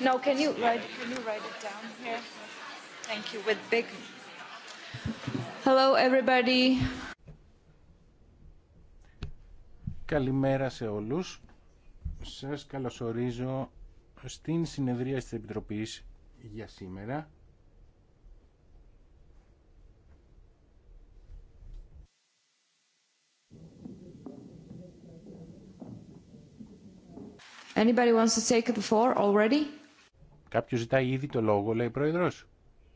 No, can you write, can you write it down here? Thank you, with big... Hello everybody. Καλημέρα σε όλους. Σας καλωσορίζω στην συνεδρία της Επιτροπής για σήμερα. Anybody wants to take the floor already? Κάποιο ζητάει ήδη το λόγο, λέει προεδρό.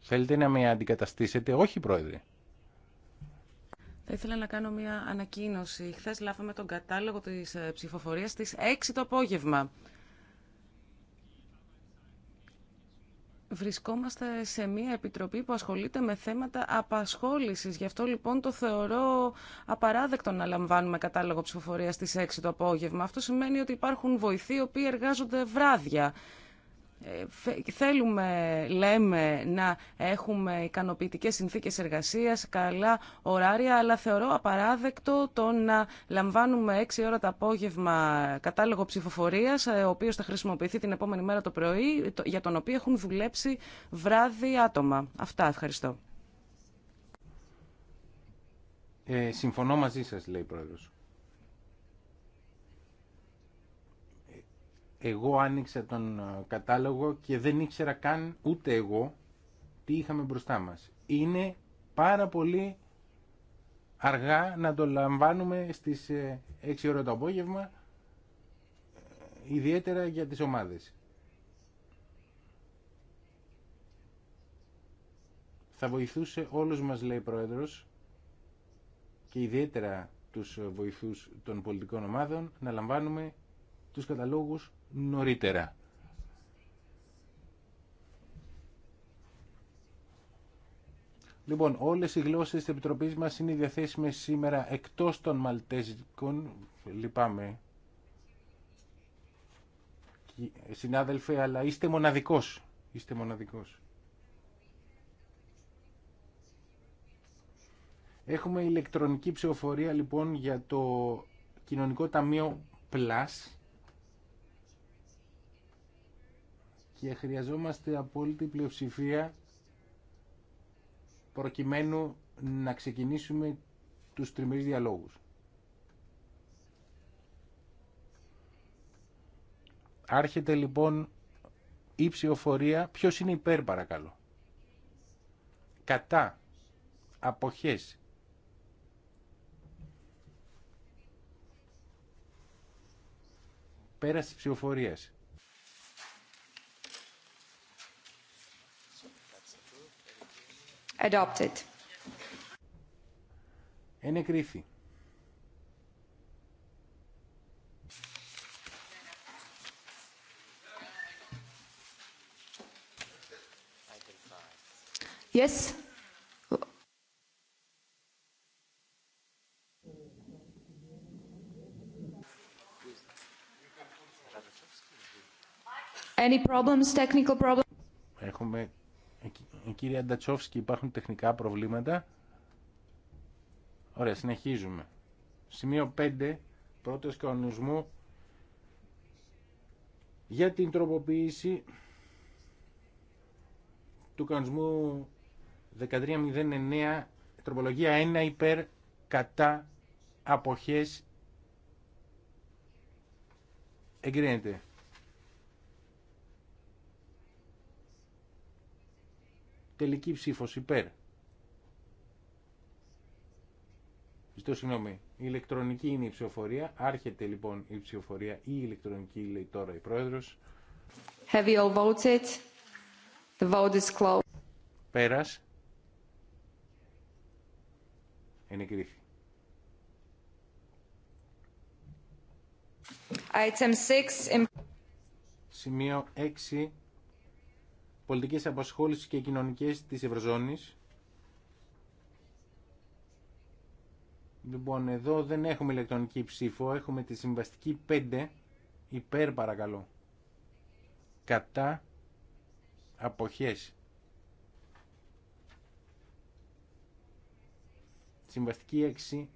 Θέλετε να με αντικαταστήσετε, όχι πρόεδρε. Θα ήθελα να κάνω μια ανακοίνωση. Χθε λάβαμε τον κατάλογο τη ε, ψηφοφορία στι 6 το απόγευμα. Βρισκόμαστε σε μια επιτροπή που ασχολείται με θέματα απασχόλησης. Γι' αυτό λοιπόν το θεωρώ απαράδεκτο να λαμβάνουμε κατάλογο ψηφοφορία στις 6 το απόγευμα. Αυτό σημαίνει ότι υπάρχουν βοηθοί οι οποίοι εργάζονται βράδια. Ε, θέλουμε, λέμε, να έχουμε ικανοποιητικές συνθήκες εργασίας, καλά ωράρια, αλλά θεωρώ απαράδεκτο το να λαμβάνουμε 6 ώρα το απόγευμα κατάλογο ψηφοφορίας, ε, ο οποίος θα χρησιμοποιηθεί την επόμενη μέρα το πρωί, για τον οποίο έχουν δουλέψει βράδυ άτομα. Αυτά, ευχαριστώ. Ε, συμφωνώ μαζί σας, λέει η Πρόεδρος. εγώ άνοιξα τον ε, κατάλογο και δεν ήξερα καν ούτε εγώ τι είχαμε μπροστά μας. Είναι πάρα πολύ αργά να το λαμβάνουμε στις 6 ε, ώρα το απόγευμα, ε, ιδιαίτερα για τις ομάδες. Θα βοηθούσε όλους μας, λέει Πρόεδρος, και ιδιαίτερα τους βοηθούς των πολιτικών ομάδων, να λαμβάνουμε τους καταλόγους νωρίτερα. Λοιπόν, όλες οι γλώσσες της Επιτροπής μας είναι διαθέσιμες σήμερα εκτός των Μαλτέζικων, λυπάμαι, συνάδελφε, αλλά είστε μοναδικός, είστε μοναδικός. Έχουμε ηλεκτρονική ψηφοφορία λοιπόν για το Κοινωνικό Ταμείο Plus και χρειαζόμαστε απόλυτη πλειοψηφία προκειμένου να ξεκινήσουμε τους τριμερείς διαλόγους. Άρχεται λοιπόν η ψηφοφορία. Ποιος είναι υπέρ παρακαλώ. Κατά. Αποχές. Πέραση ψηφοφορίας. Adopted. Ενεκρίθη. Yes. Any problems, technical problems? Έχουμε ε, κύριε Αντατσόφσκι, υπάρχουν τεχνικά προβλήματα. Ωραία, συνεχίζουμε. Σημείο 5, πρώτος κανονισμού για την τροποποίηση του κανονισμού 1309, τροπολογία 1 υπέρ κατά αποχές εγκρίνεται. Τελική ψήφος υπέρ. Ζητώ συγγνώμη. Η ηλεκτρονική είναι η ψηφοφορία. Άρχεται λοιπόν η ψηφοφορία ή η ηλεκτρονική λέει τώρα η πρόεδρος. Have you all voted? The vote is closed. Πέρας. Είναι κρίθη. Item 6. Σημείο 6 πολιτικές απασχόλησης και κοινωνικές της Ευρωζώνης. Λοιπόν, εδώ δεν έχουμε ηλεκτρονική ψήφο, έχουμε τη συμβαστική 5, υπέρ παρακαλώ, κατά αποχές. Συμβαστική 6,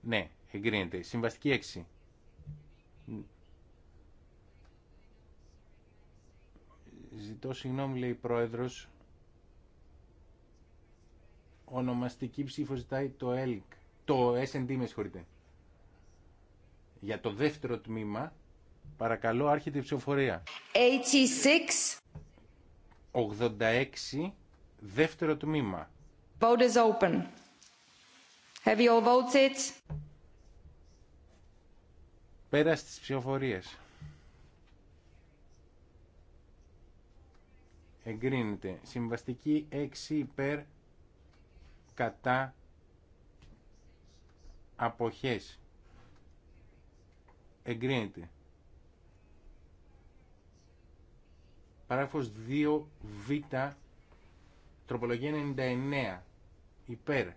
ναι, εγκρίνεται. Συμβαστική 6, Ζητώ συγγνώμη, λέει η Πρόεδρος. Ονομαστική ψήφο ζητάει το ΕΛΚ. Το SND με συγχωρείτε. Για το δεύτερο τμήμα, παρακαλώ, άρχεται η ψηφοφορία. 86. 86, δεύτερο τμήμα. Vote open. Have you all voted? Πέρα στις ψηφοφορίες. εγκρίνεται. Συμβαστική 6 υπέρ κατά αποχές εγκρίνεται. Παράγραφος 2β τροπολογία 99 υπέρ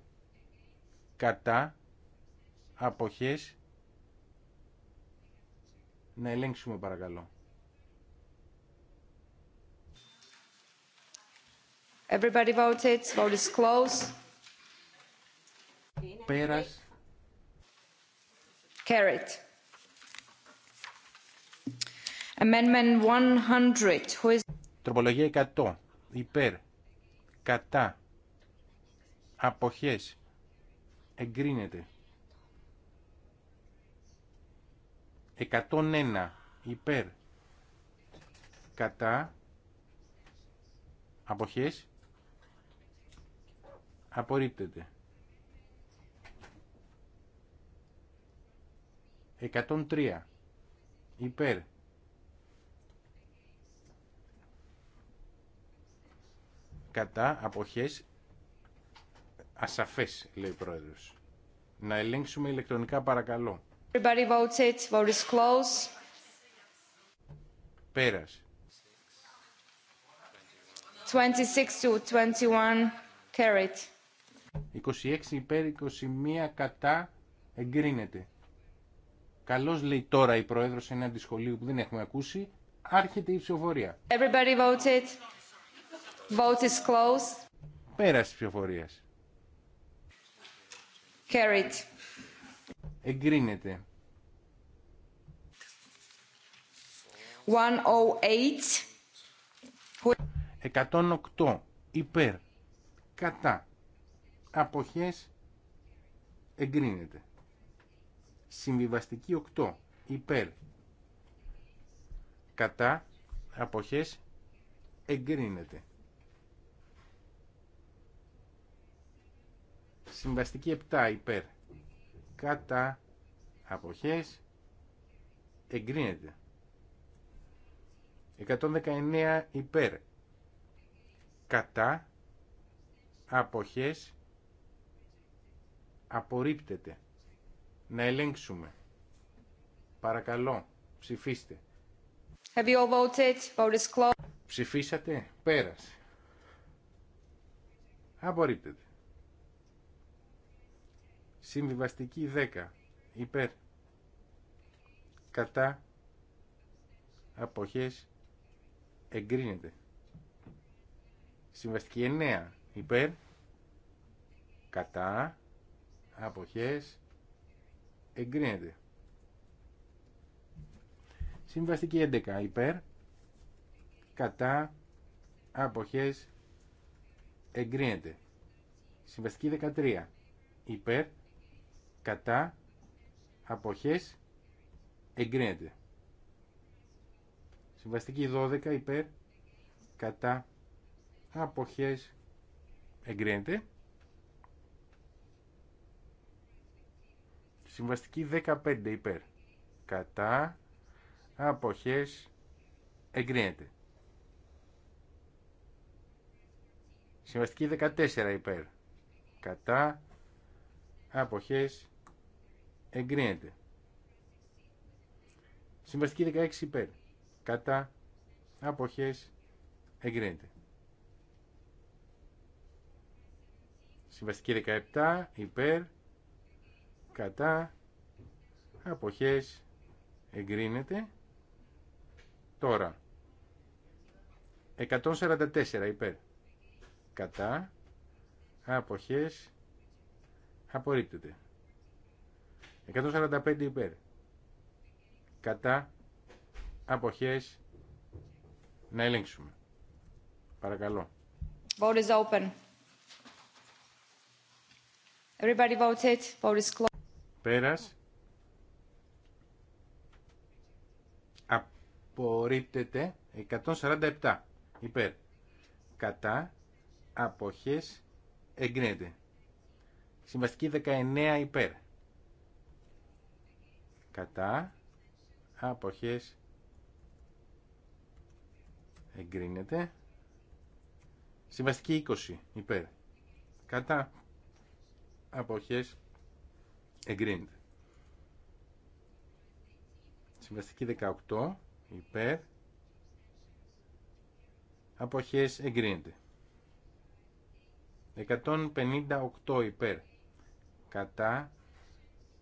κατά αποχές να ελέγξουμε παρακαλώ. Everybody voted. Vote is closed. Peras. Carried. Amendment 100. Who is... Τροπολογία 100. Υπέρ. Κατά. Αποχές. Εγκρίνεται. 101. Υπέρ. Κατά. Αποχές Απορρίπτεται. 103. Υπέρ. Κατά αποχές ασαφές, λέει ο Πρόεδρος. Να ελέγξουμε ηλεκτρονικά παρακαλώ. Everybody votes it. Vote is close. Πέρας. 26 to 21 carried. 26 υπέρ 21 κατά εγκρίνεται. Καλώς λέει τώρα η Πρόεδρος εναντί σχολείου που δεν έχουμε ακούσει. Άρχεται η ψηφοφορία. Everybody voted. Vote is closed. ψηφοφορίας. Carried. Εγκρίνεται. 108. 108 υπέρ κατά αποχές εγκρίνεται. Συμβιβαστική 8 υπέρ κατά αποχές εγκρίνεται. Συμβαστική 7 υπέρ κατά αποχές εγκρίνεται. 119 υπέρ κατά αποχές απορρίπτεται. Να ελέγξουμε. Παρακαλώ, ψηφίστε. Have you all voted? Vote is closed. Ψηφίσατε, πέρασε. Απορρίπτεται. Συμβιβαστική 10. Υπέρ. Κατά. Αποχές. Εγκρίνεται. Συμβαστική 9. Υπέρ. Κατά αποχές εγκρίνεται συμβαστική 11 υπέρ κατά αποχές εγκρίνεται συμβαστική 13 υπέρ κατά αποχές εγκρίνεται συμβαστική 12 υπέρ κατά αποχές εγκρίνεται Συμβαστική 15 υπέρ. Κατά αποχές εγκρίνεται. Συμβαστική 14 υπέρ. Κατά αποχές εγκρίνεται. Συμβαστική 16 υπέρ. Κατά αποχές εγκρίνεται. Συμβαστική 17 υπέρ κατά αποχές εγκρίνεται τώρα 144 υπέρ κατά αποχές απορρίπτεται 145 υπέρ κατά αποχές να ελέγξουμε παρακαλώ Vote is open. Everybody voted. Vote is closed. Πέρας. Απορρίπτεται 147 υπέρ. Κατά αποχές εγκρίνεται. Συμβαστική 19 υπέρ. Κατά αποχές εγκρίνεται. Συμβαστική 20 υπέρ. Κατά αποχές εγκρίνεται. Συμβαστική 18 υπέρ αποχές εγκρίνεται. 158 υπέρ κατά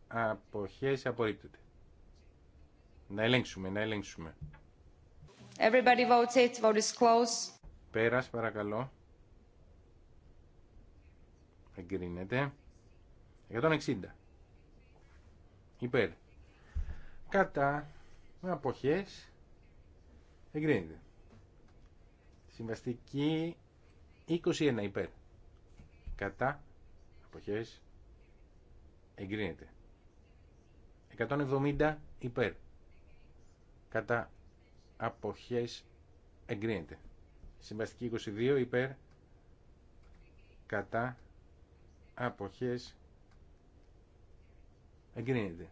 αποχές απορρίπτεται. Να ελέγξουμε, να ελέγξουμε. Everybody votes it. Vote is close. Πέρας, παρακαλώ. Εγκρίνεται. 160 υπέρ κατά αποχές εγκρίνεται συμβαστική 21 υπέρ κατά αποχές εγκρίνεται 170 υπέρ κατά αποχές εγκρίνεται συμβαστική 22 υπέρ κατά αποχές Εγκρίνεται.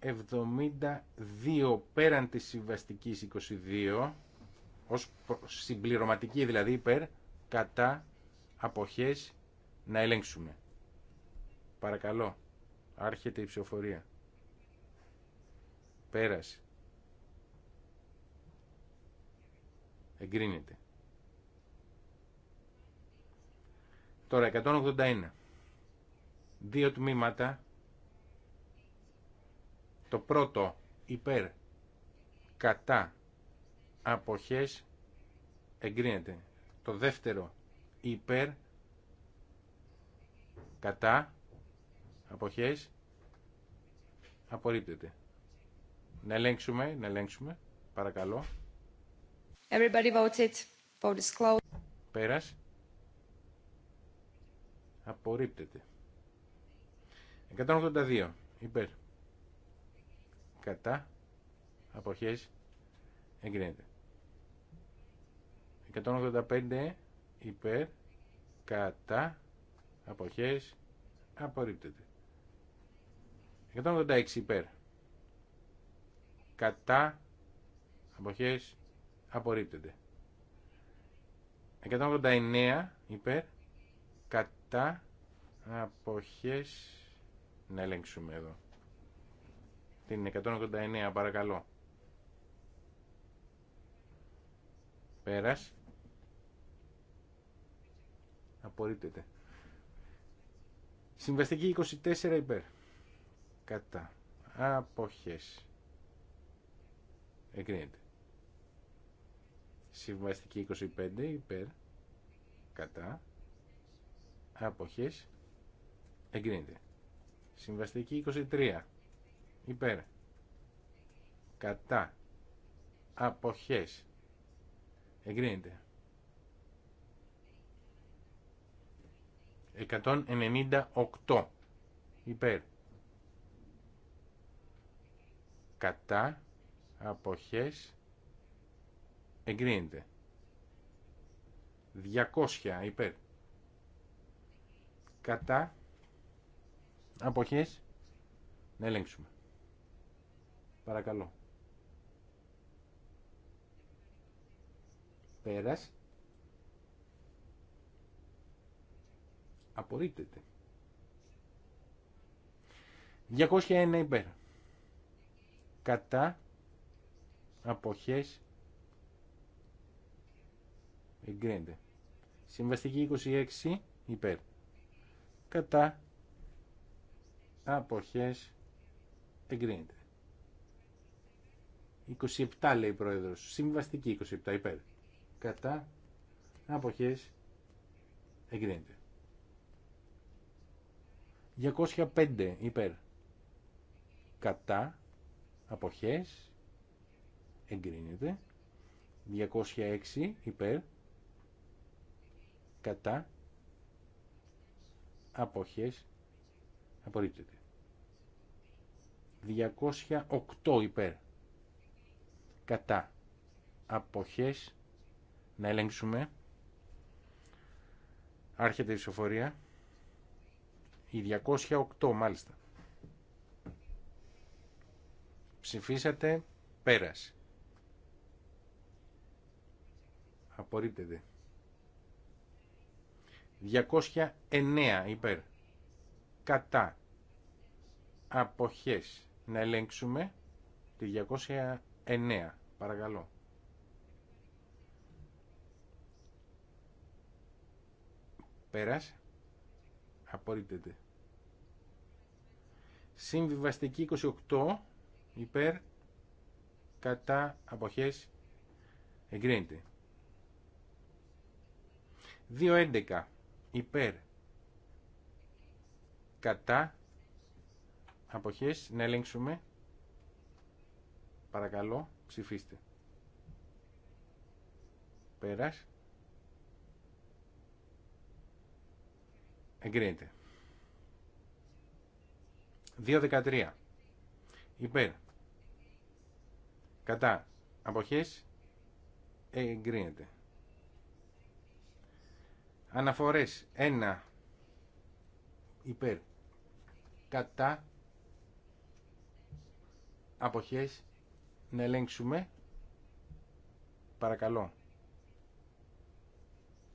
172 πέραν της συμβαστικής 22 ως συμπληρωματική δηλαδή υπέρ κατά αποχές να ελέγξουμε. Παρακαλώ. Άρχεται η ψηφοφορία. Πέρασε. Εγκρίνεται. Τώρα 181. Δύο τμήματα. Το πρώτο υπέρ κατά αποχές εγκρίνεται. Το δεύτερο υπέρ κατά αποχές απορρίπτεται. Να ελέγξουμε, να ελέγξουμε, παρακαλώ. Everybody Απορρίπτεται. 182. Υπέρ. Κατά. Αποχές. Εγκρίνεται. 185. Υπέρ. Κατά. Αποχές. Απορρίπτεται. 186. Υπέρ. Κατά. Αποχές. Απορρίπτεται. 189. Υπέρ κατά αποχές να ελέγξουμε εδώ την 189 παρακαλώ πέρας απορρίπτεται συμβαστική 24 υπέρ κατά αποχές εγκρίνεται συμβαστική 25 υπέρ κατά αποχές εγκρίνεται. Συμβαστική 23 υπέρ κατά αποχές εγκρίνεται. 198 υπέρ κατά αποχές εγκρίνεται 200 υπέρ κατά αποχές να ελέγξουμε. Παρακαλώ. Πέρας. Απορρίπτεται. 201 υπέρ. Κατά αποχές εγκρίνεται. Συμβαστική 26 υπέρ κατά αποχές εγκρίνεται. 27 λέει η πρόεδρος, συμβαστική 27 υπέρ, κατά αποχές εγκρίνεται. 205 υπέρ, κατά αποχές εγκρίνεται. 206 υπέρ, κατά αποχές απορρίπτεται 208 υπέρ κατά αποχές να ελέγξουμε άρχεται η ψηφοφορία η 208 μάλιστα ψηφίσατε πέρασε απορρίπτεται 209 υπέρ κατά αποχές να ελέγξουμε τη 209 παρακαλώ πέρας απορρίπτεται συμβιβαστική 28 υπέρ κατά αποχές εγκρίνεται 2.11 υπέρ κατά αποχές να ελέγξουμε παρακαλώ ψηφίστε πέρας εγκρίνεται 2.13 υπέρ κατά αποχές εγκρίνεται Αναφορές 1 υπέρ κατά αποχές να ελέγξουμε παρακαλώ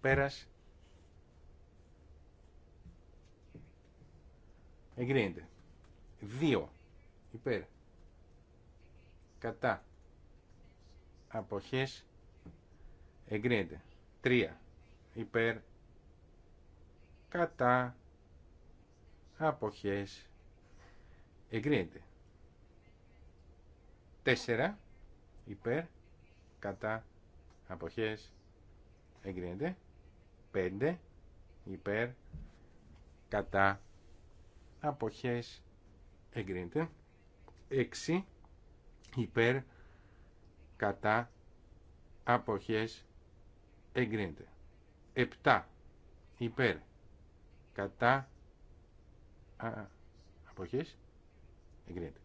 πέρας εγκρίνεται 2 υπέρ κατά αποχές εγκρίνεται 3 υπέρ κατά αποχές εγκρίνεται. Τέσσερα, υπέρ, κατά, αποχές, εγκρίνεται. Πέντε, υπέρ, κατά, αποχές, εγκρίνεται. Έξι, υπέρ, κατά, αποχές, εγκρίνεται. Επτά, υπέρ, κατά α, αποχής εγκρίνεται.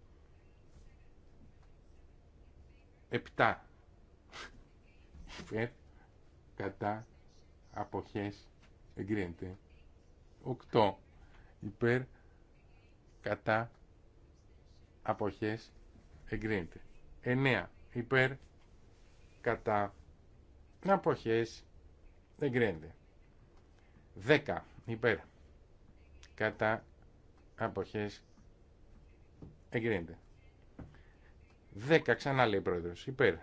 Επτά. υπέρ κατά αποχές εγκρίνεται. Οκτώ. Υπέρ κατά αποχές εγκρίνεται. Εννέα. Υπέρ κατά αποχές εγκρίνεται. Δέκα. Υπέρ κατά αποχές εγκρίνεται. 10 ξανά λέει πρόεδρος, υπέρ.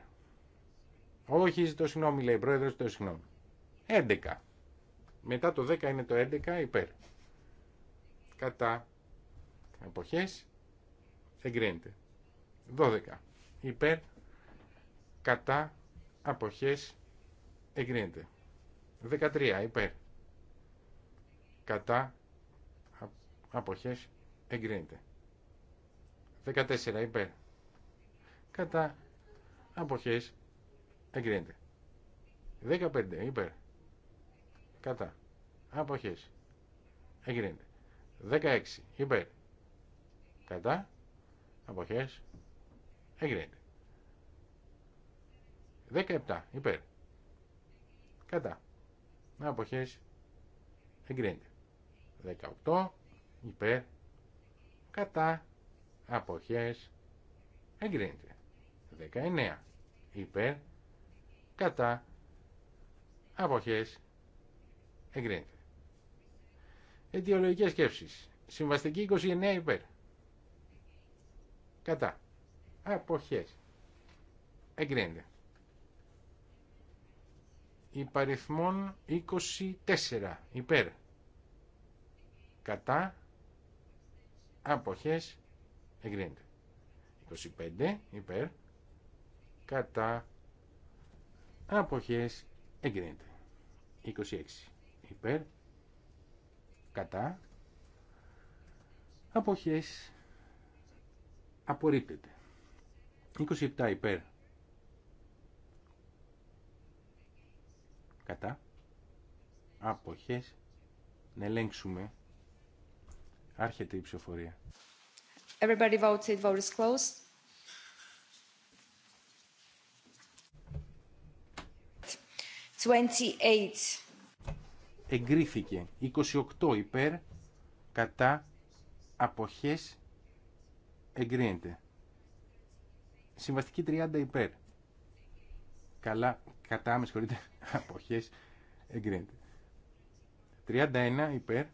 Όχι, ζητώ συγγνώμη λέει πρόεδρος, ζητώ συγγνώμη. 11. Μετά το 10 είναι το 11 υπέρ. Κατά αποχές εγκρίνεται. 12. Υπέρ κατά αποχές εγκρίνεται. 13. Υπέρ κατά αποχές εγκρίνεται 14 υπέρ κατά αποχές εγκρίνεται 15 υπέρ κατά αποχές εγκρίνεται 16 υπέρ κατά αποχές εγκρίνεται 17 υπέρ κατά αποχές εγκρίνεται 18 υπέρ, κατά, αποχές, εγκρίνεται. 19. Υπέρ, κατά, αποχές, εγκρίνεται. Αιτιολογικές σκέψεις. Συμβαστική 29 υπέρ. Κατά. Αποχές. Εγκρίνεται. Υπαριθμών 24 υπέρ. Κατά αποχές εγκρίνεται 25 υπέρ κατά αποχές εγκρίνεται 26 υπέρ κατά αποχές απορρίπτεται 27 υπέρ κατά αποχές να ελέγξουμε Άρχεται η ψηφοφορία. Everybody voted, vote is closed. Εγκρίθηκε 28 υπέρ κατά αποχές εγκρίνεται. Συμβαστική 30 υπέρ. Καλά, κατά, με συγχωρείτε, αποχές εγκρίνεται. 31 υπέρ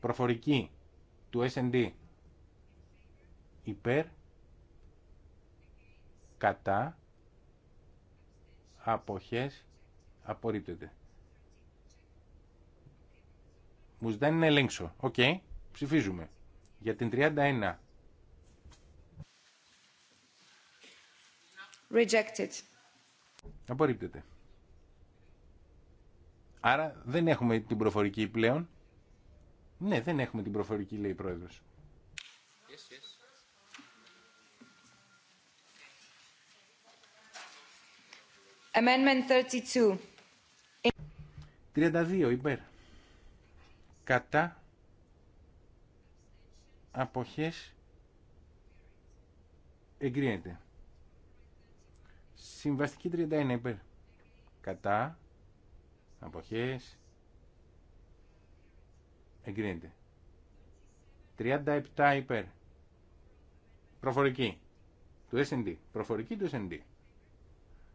προφορική του S&D υπέρ, κατά, αποχές, απορρίπτεται. Μου ζητάνε να ελέγξω. Οκ, ψηφίζουμε. Για την 31. Rejected. Απορρίπτεται. Άρα δεν έχουμε την προφορική πλέον. Ναι, δεν έχουμε την προφορική, λέει η Πρόεδρος. Amendment 32. 32 υπέρ. Κατά αποχές εγκρίνεται. Συμβαστική 31 υπέρ. Κατά αποχές εγκρίνεται. 37 υπέρ. Προφορική. Του S&D. Προφορική του S&D.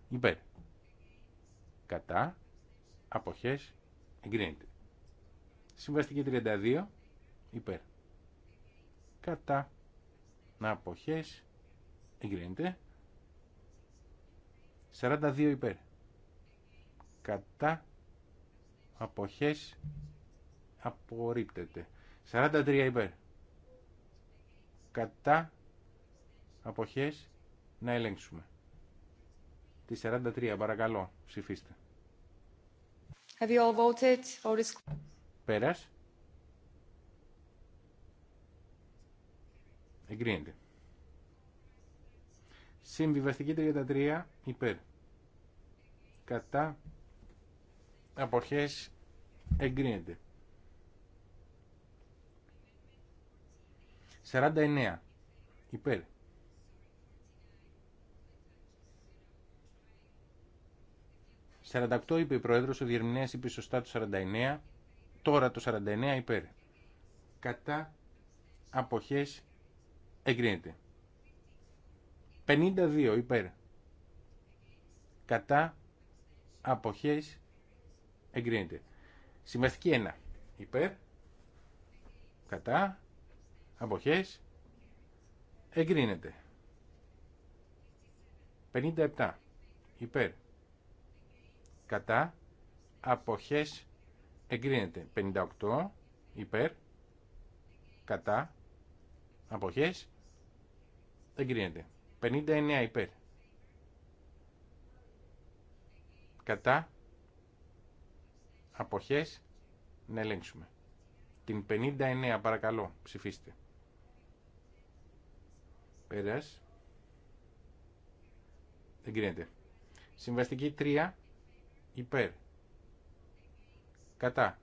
Υπέρ. Κατά. Αποχές. Εγκρίνεται. Συμβαστική 32. Υπέρ. Κατά. Αποχές. Εγκρίνεται. 42 υπέρ. Κατά. Αποχές απορρίπτεται. 43 υπέρ. Κατά αποχές να ελέγξουμε. Τη 43 παρακαλώ ψηφίστε. Have you all voted or is... Πέρας. Εγκρίνεται. Συμβιβαστική 33 υπέρ. Κατά αποχές εγκρίνεται. 49 υπέρ. «48» είπε η Πρόεδρος, ο Διερμηνέας είπε σωστά το 49, τώρα το 49 υπέρ. Κατά αποχές εγκρίνεται. 52 υπέρ. Κατά αποχές εγκρίνεται. Συμμεθική 1 υπέρ. Κατά αποχές εγκρίνεται 57 υπέρ κατά αποχές εγκρίνεται 58 υπέρ κατά αποχές εγκρίνεται 59 υπέρ κατά αποχές να ελέγξουμε την 59 παρακαλώ ψηφίστε δεν Εγκρίνεται. Συμβαστική 3. Υπέρ. Κατά.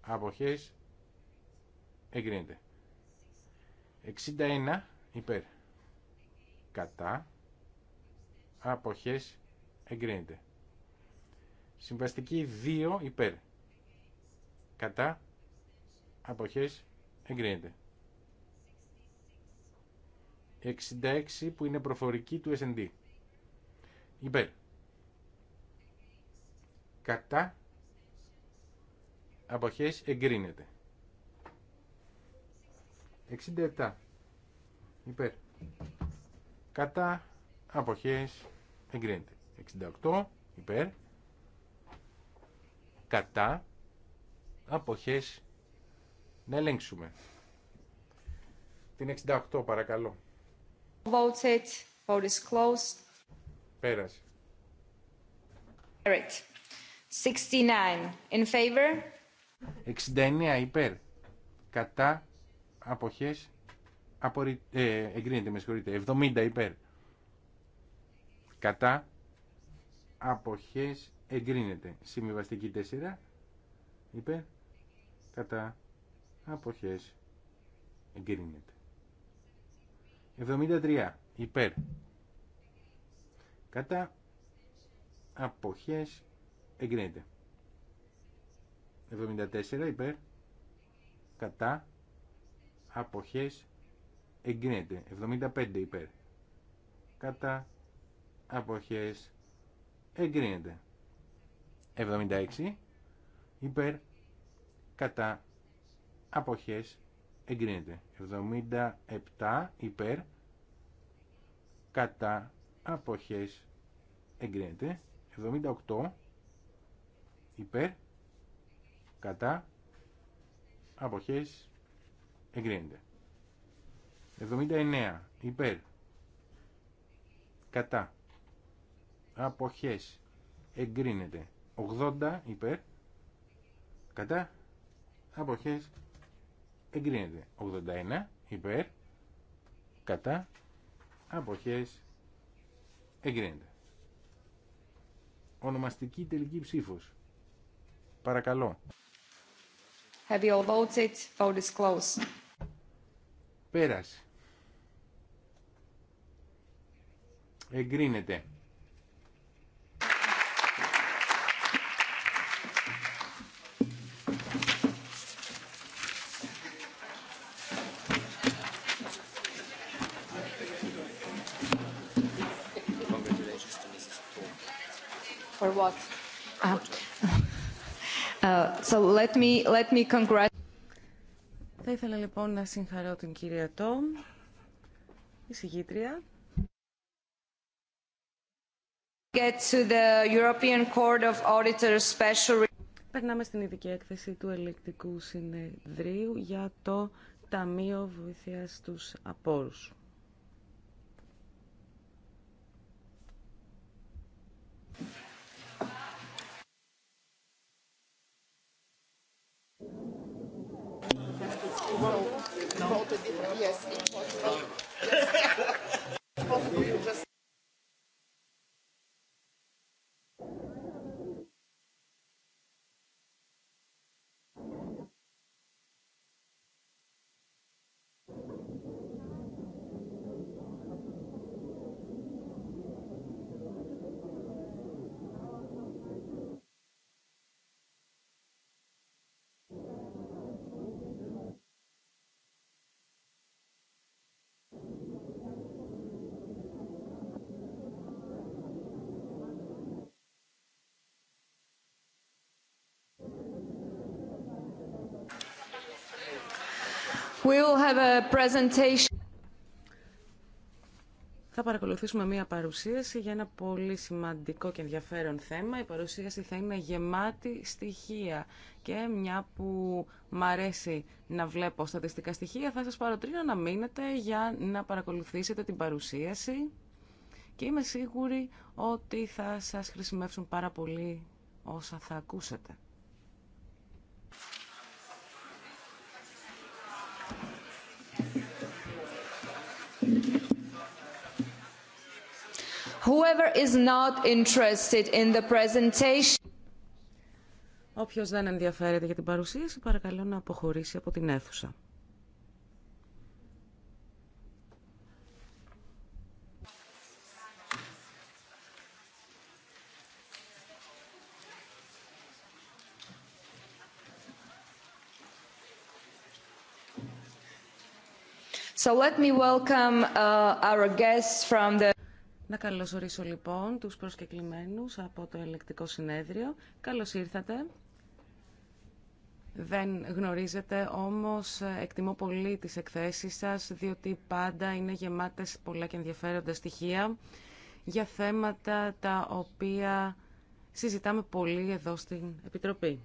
Αποχές. Εγκρίνεται. 61. Υπέρ. Κατά. Αποχές. Εγκρίνεται. Συμβαστική 2. Υπέρ. Κατά. Αποχές. Εγκρίνεται. 66 που είναι προφορική του S&D. Υπέρ. Κατά αποχές εγκρίνεται. 67. Υπέρ. Κατά αποχές εγκρίνεται. 68. Υπέρ. Κατά αποχές να ελέγξουμε. Την 68 παρακαλώ. Voted. Πέρασε. 69 in favor. 69 υπέρ. Κατά. Αποχές. Απορι... Ε, εγκρίνεται, με συγχωρείτε. 70 υπέρ. Κατά. Αποχές. Εγκρίνεται. Συμβιβαστική 4. Υπέρ. Κατά. Αποχές. Εγκρίνεται. 73 υπέρ κατά αποχές εγκρίνεται 74 υπέρ κατά αποχές εγκρίνεται 75 υπέρ κατά αποχές εγκρίνεται 76 υπέρ κατά αποχές εγκρίνεται. 77 υπέρ κατά αποχές εγκρίνεται. 78 υπέρ κατά αποχές εγκρίνεται. 79 υπέρ κατά αποχές εγκρίνεται. 80 υπέρ κατά αποχές εγκρίνεται. 81 υπέρ κατά αποχές εγκρίνεται. Ονομαστική τελική ψήφος. Παρακαλώ. Have you all voted? Vote is closed. Πέρασε. Εγκρίνεται. or what? Uh, uh, so let me, let me congratulate. Θα ήθελα λοιπόν να συγχαρώ την κυρία Τόμ, η συγγήτρια. Get to the European Court of Auditors Special... Περνάμε στην ειδική έκθεση του ελεκτικού συνεδρίου για το Ταμείο Βοήθειας στους Απόρους. Θα παρακολουθήσουμε μία παρουσίαση για ένα πολύ σημαντικό και ενδιαφέρον θέμα. Η παρουσίαση θα είναι γεμάτη στοιχεία και μια που μ' αρέσει να βλέπω στατιστικά στοιχεία θα σας παροτρύνω να μείνετε για να παρακολουθήσετε την παρουσίαση και είμαι σίγουρη ότι θα σας χρησιμεύσουν πάρα πολύ όσα θα ακούσετε. Whoever is not interested in the presentation... Όποιος δεν ενδιαφέρεται για την παρουσίαση, παρακαλώ να αποχωρήσει από την αίθουσα. So let me welcome uh, our guests from the να καλωσορίσω λοιπόν τους προσκεκλημένους από το Ελεκτικό Συνέδριο. Καλώς ήρθατε. Δεν γνωρίζετε, όμως εκτιμώ πολύ τις εκθέσεις σας, διότι πάντα είναι γεμάτες πολλά και ενδιαφέροντα στοιχεία για θέματα τα οποία συζητάμε πολύ εδώ στην Επιτροπή.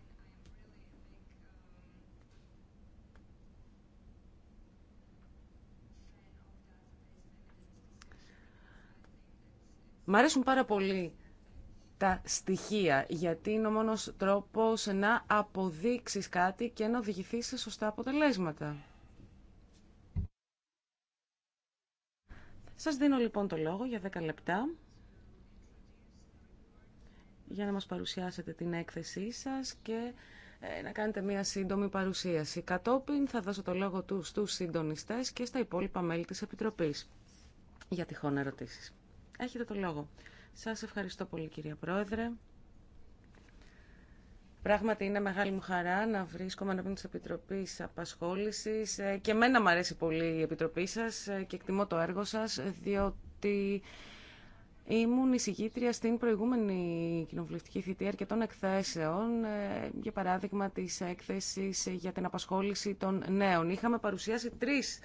Μ' αρέσουν πάρα πολύ τα στοιχεία, γιατί είναι ο μόνος τρόπος να αποδείξεις κάτι και να οδηγηθείς σε σωστά αποτελέσματα. Σας δίνω λοιπόν το λόγο για 10 λεπτά για να μας παρουσιάσετε την έκθεσή σας και ε, να κάνετε μία σύντομη παρουσίαση. Κατόπιν θα δώσω το λόγο του στους συντονιστές και στα υπόλοιπα μέλη της Επιτροπής για τυχόν ερωτήσεις. Έχετε το λόγο. Σας ευχαριστώ πολύ κυρία Πρόεδρε. Πράγματι είναι μεγάλη μου χαρά να βρίσκομαι ενώπιον της Επιτροπής Απασχόλησης ε, και μένα μου αρέσει πολύ η Επιτροπή σας ε, και εκτιμώ το έργο σας διότι ήμουν εισηγήτρια στην προηγούμενη κοινοβουλευτική θητεία αρκετών εκθέσεων ε, για παράδειγμα της έκθεσης για την απασχόληση των νέων. Είχαμε παρουσιάσει τρεις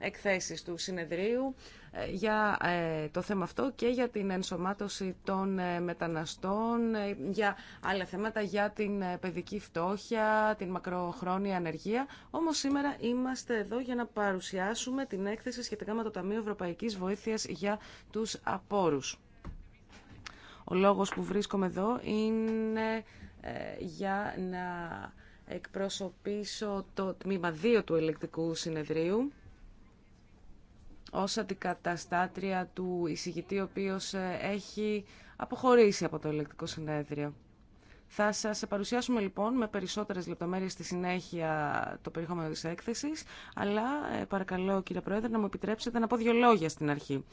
εκθέσεις του συνεδρίου ε, για ε, το θέμα αυτό και για την ενσωμάτωση των ε, μεταναστών, για άλλα θέματα, για την παιδική φτώχεια, την μακροχρόνια ανεργία. Όμως σήμερα είμαστε εδώ για να παρουσιάσουμε την έκθεση σχετικά με το Ταμείο Ευρωπαϊκής Βοήθειας για τους απόρους. Ο λόγος που βρίσκομαι εδώ είναι για να εκπροσωπήσω το τμήμα 2 του ελεκτικού συνεδρίου ως αντικαταστάτρια του εισηγητή, ο οποίος ε, έχει αποχωρήσει από το ελεκτικό συνέδριο. Θα σας παρουσιάσουμε λοιπόν με περισσότερες λεπτομέρειες στη συνέχεια το περιεχόμενο της έκθεσης, αλλά ε, παρακαλώ κύριε Πρόεδρε να μου επιτρέψετε να πω δύο λόγια στην αρχή.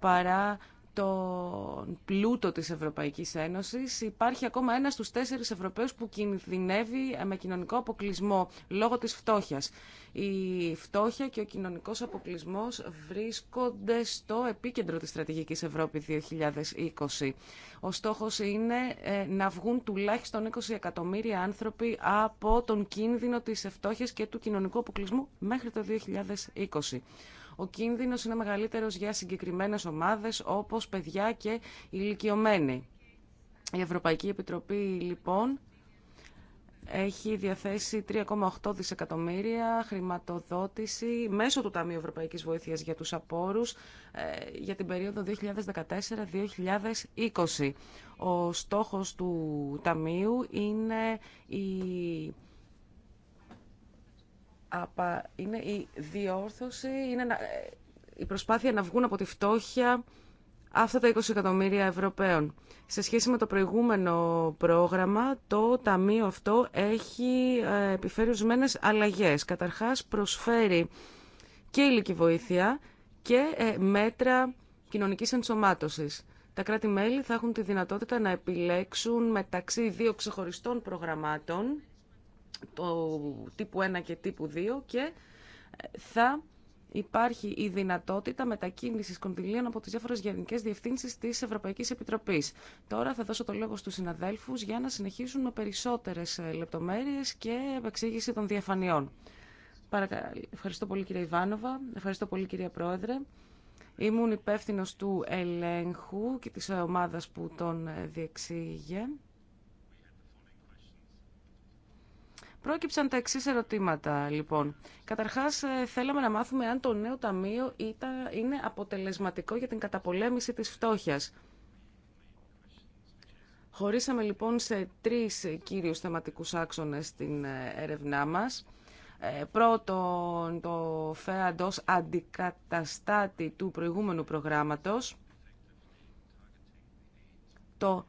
Παρά τον πλούτο της Ευρωπαϊκής Ένωσης υπάρχει ακόμα ένας στους τέσσερις Ευρωπαίους που κινδυνεύει ε, με κοινωνικό αποκλεισμό λόγω της φτώχειας. Η φτώχεια και ο κοινωνικός αποκλεισμός βρίσκονται στο επίκεντρο της στρατηγικής Ευρώπη 2020. Ο στόχος είναι ε, να βγουν τουλάχιστον 20 εκατομμύρια άνθρωποι από τον κίνδυνο της φτώχειας και του κοινωνικού αποκλεισμού μέχρι το 2020 ο κίνδυνο είναι μεγαλύτερος για συγκεκριμένε ομάδες όπως παιδιά και ηλικιωμένοι. Η Ευρωπαϊκή Επιτροπή λοιπόν έχει διαθέσει 3,8 δισεκατομμύρια χρηματοδότηση μέσω του Ταμείου Ευρωπαϊκής Βοήθειας για τους απόρους ε, για την περίοδο 2014-2020. Ο στόχος του Ταμείου είναι η απα... είναι η διόρθωση, είναι να... Ε, η προσπάθεια να βγουν από τη φτώχεια αυτά τα 20 εκατομμύρια Ευρωπαίων. Σε σχέση με το προηγούμενο πρόγραμμα, το Ταμείο αυτό έχει ε, επιφέρει ορισμένε αλλαγές. Καταρχάς, προσφέρει και ηλική βοήθεια και ε, μέτρα κοινωνικής ενσωμάτωσης. Τα κράτη-μέλη θα έχουν τη δυνατότητα να επιλέξουν μεταξύ δύο ξεχωριστών προγραμμάτων το τύπου 1 και τύπου 2 και θα υπάρχει η δυνατότητα μετακίνησης κονδυλίων από τις διάφορες γενικές διευθύνσεις της Ευρωπαϊκής Επιτροπής. Τώρα θα δώσω το λόγο στους συναδέλφους για να συνεχίσουν με περισσότερες ε, λεπτομέρειες και επεξήγηση των διαφανειών. Ευχαριστώ πολύ κύριε Ιβάνοβα, ευχαριστώ πολύ κυρία Πρόεδρε. Ήμουν υπεύθυνο του ελέγχου και της ομάδας που τον ε, διεξήγε. Πρόκυψαν τα εξή ερωτήματα, λοιπόν. Καταρχά, ε, θέλαμε να μάθουμε αν το νέο ταμείο ήταν, είναι αποτελεσματικό για την καταπολέμηση τη φτώχεια. Χωρίσαμε λοιπόν σε τρεις κύριους θεματικούς άξονες την ε, έρευνά μας. Ε, πρώτον, το ΦΕΑΝΤ αντικαταστάτη του προηγούμενου προγράμματος. Το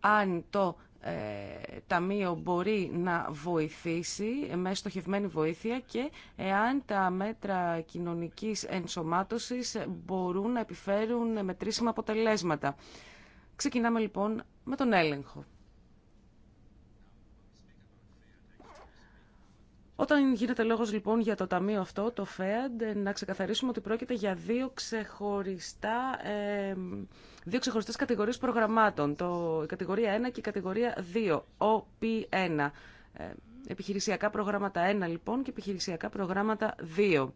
αν το ε, ταμείο μπορεί να βοηθήσει με στοχευμένη βοήθεια και εάν τα μέτρα κοινωνικής ενσωμάτωσης μπορούν να επιφέρουν μετρήσιμα αποτελέσματα. Ξεκινάμε λοιπόν με τον έλεγχο. Όταν γίνεται λόγος λοιπόν για το ταμείο αυτό, το ΦΕΑΝΤ, να ξεκαθαρίσουμε ότι πρόκειται για δύο ξεχωριστά ε, δύο ξεχωριστέ κατηγορίε προγραμμάτων. Το, η κατηγορία 1 και η κατηγορία 2, OP1. Ε, επιχειρησιακά προγράμματα 1 επιχειρησιακα προγραμματα 1 λοιπον και επιχειρησιακά προγράμματα 2.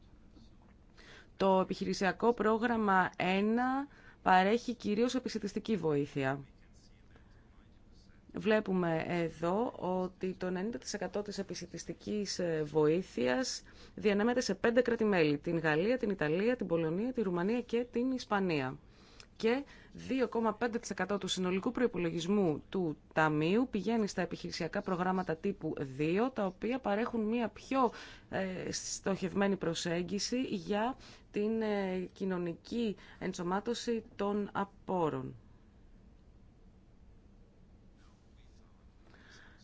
Το επιχειρησιακό πρόγραμμα 1 παρέχει κυρίως επιστημιστική βοήθεια. Βλέπουμε εδώ ότι το 90% της επιστημιστικής ε, βοήθειας διανέμεται σε πέντε κράτη-μέλη. Την Γαλλία, την Ιταλία, την Πολωνία, τη Ρουμανία και την Ισπανία και 2,5% του συνολικού προϋπολογισμού του Ταμείου πηγαίνει στα επιχειρησιακά προγράμματα τύπου 2, τα οποία παρέχουν μια πιο ε, στοχευμένη προσέγγιση για την ε, κοινωνική ενσωμάτωση των απόρων.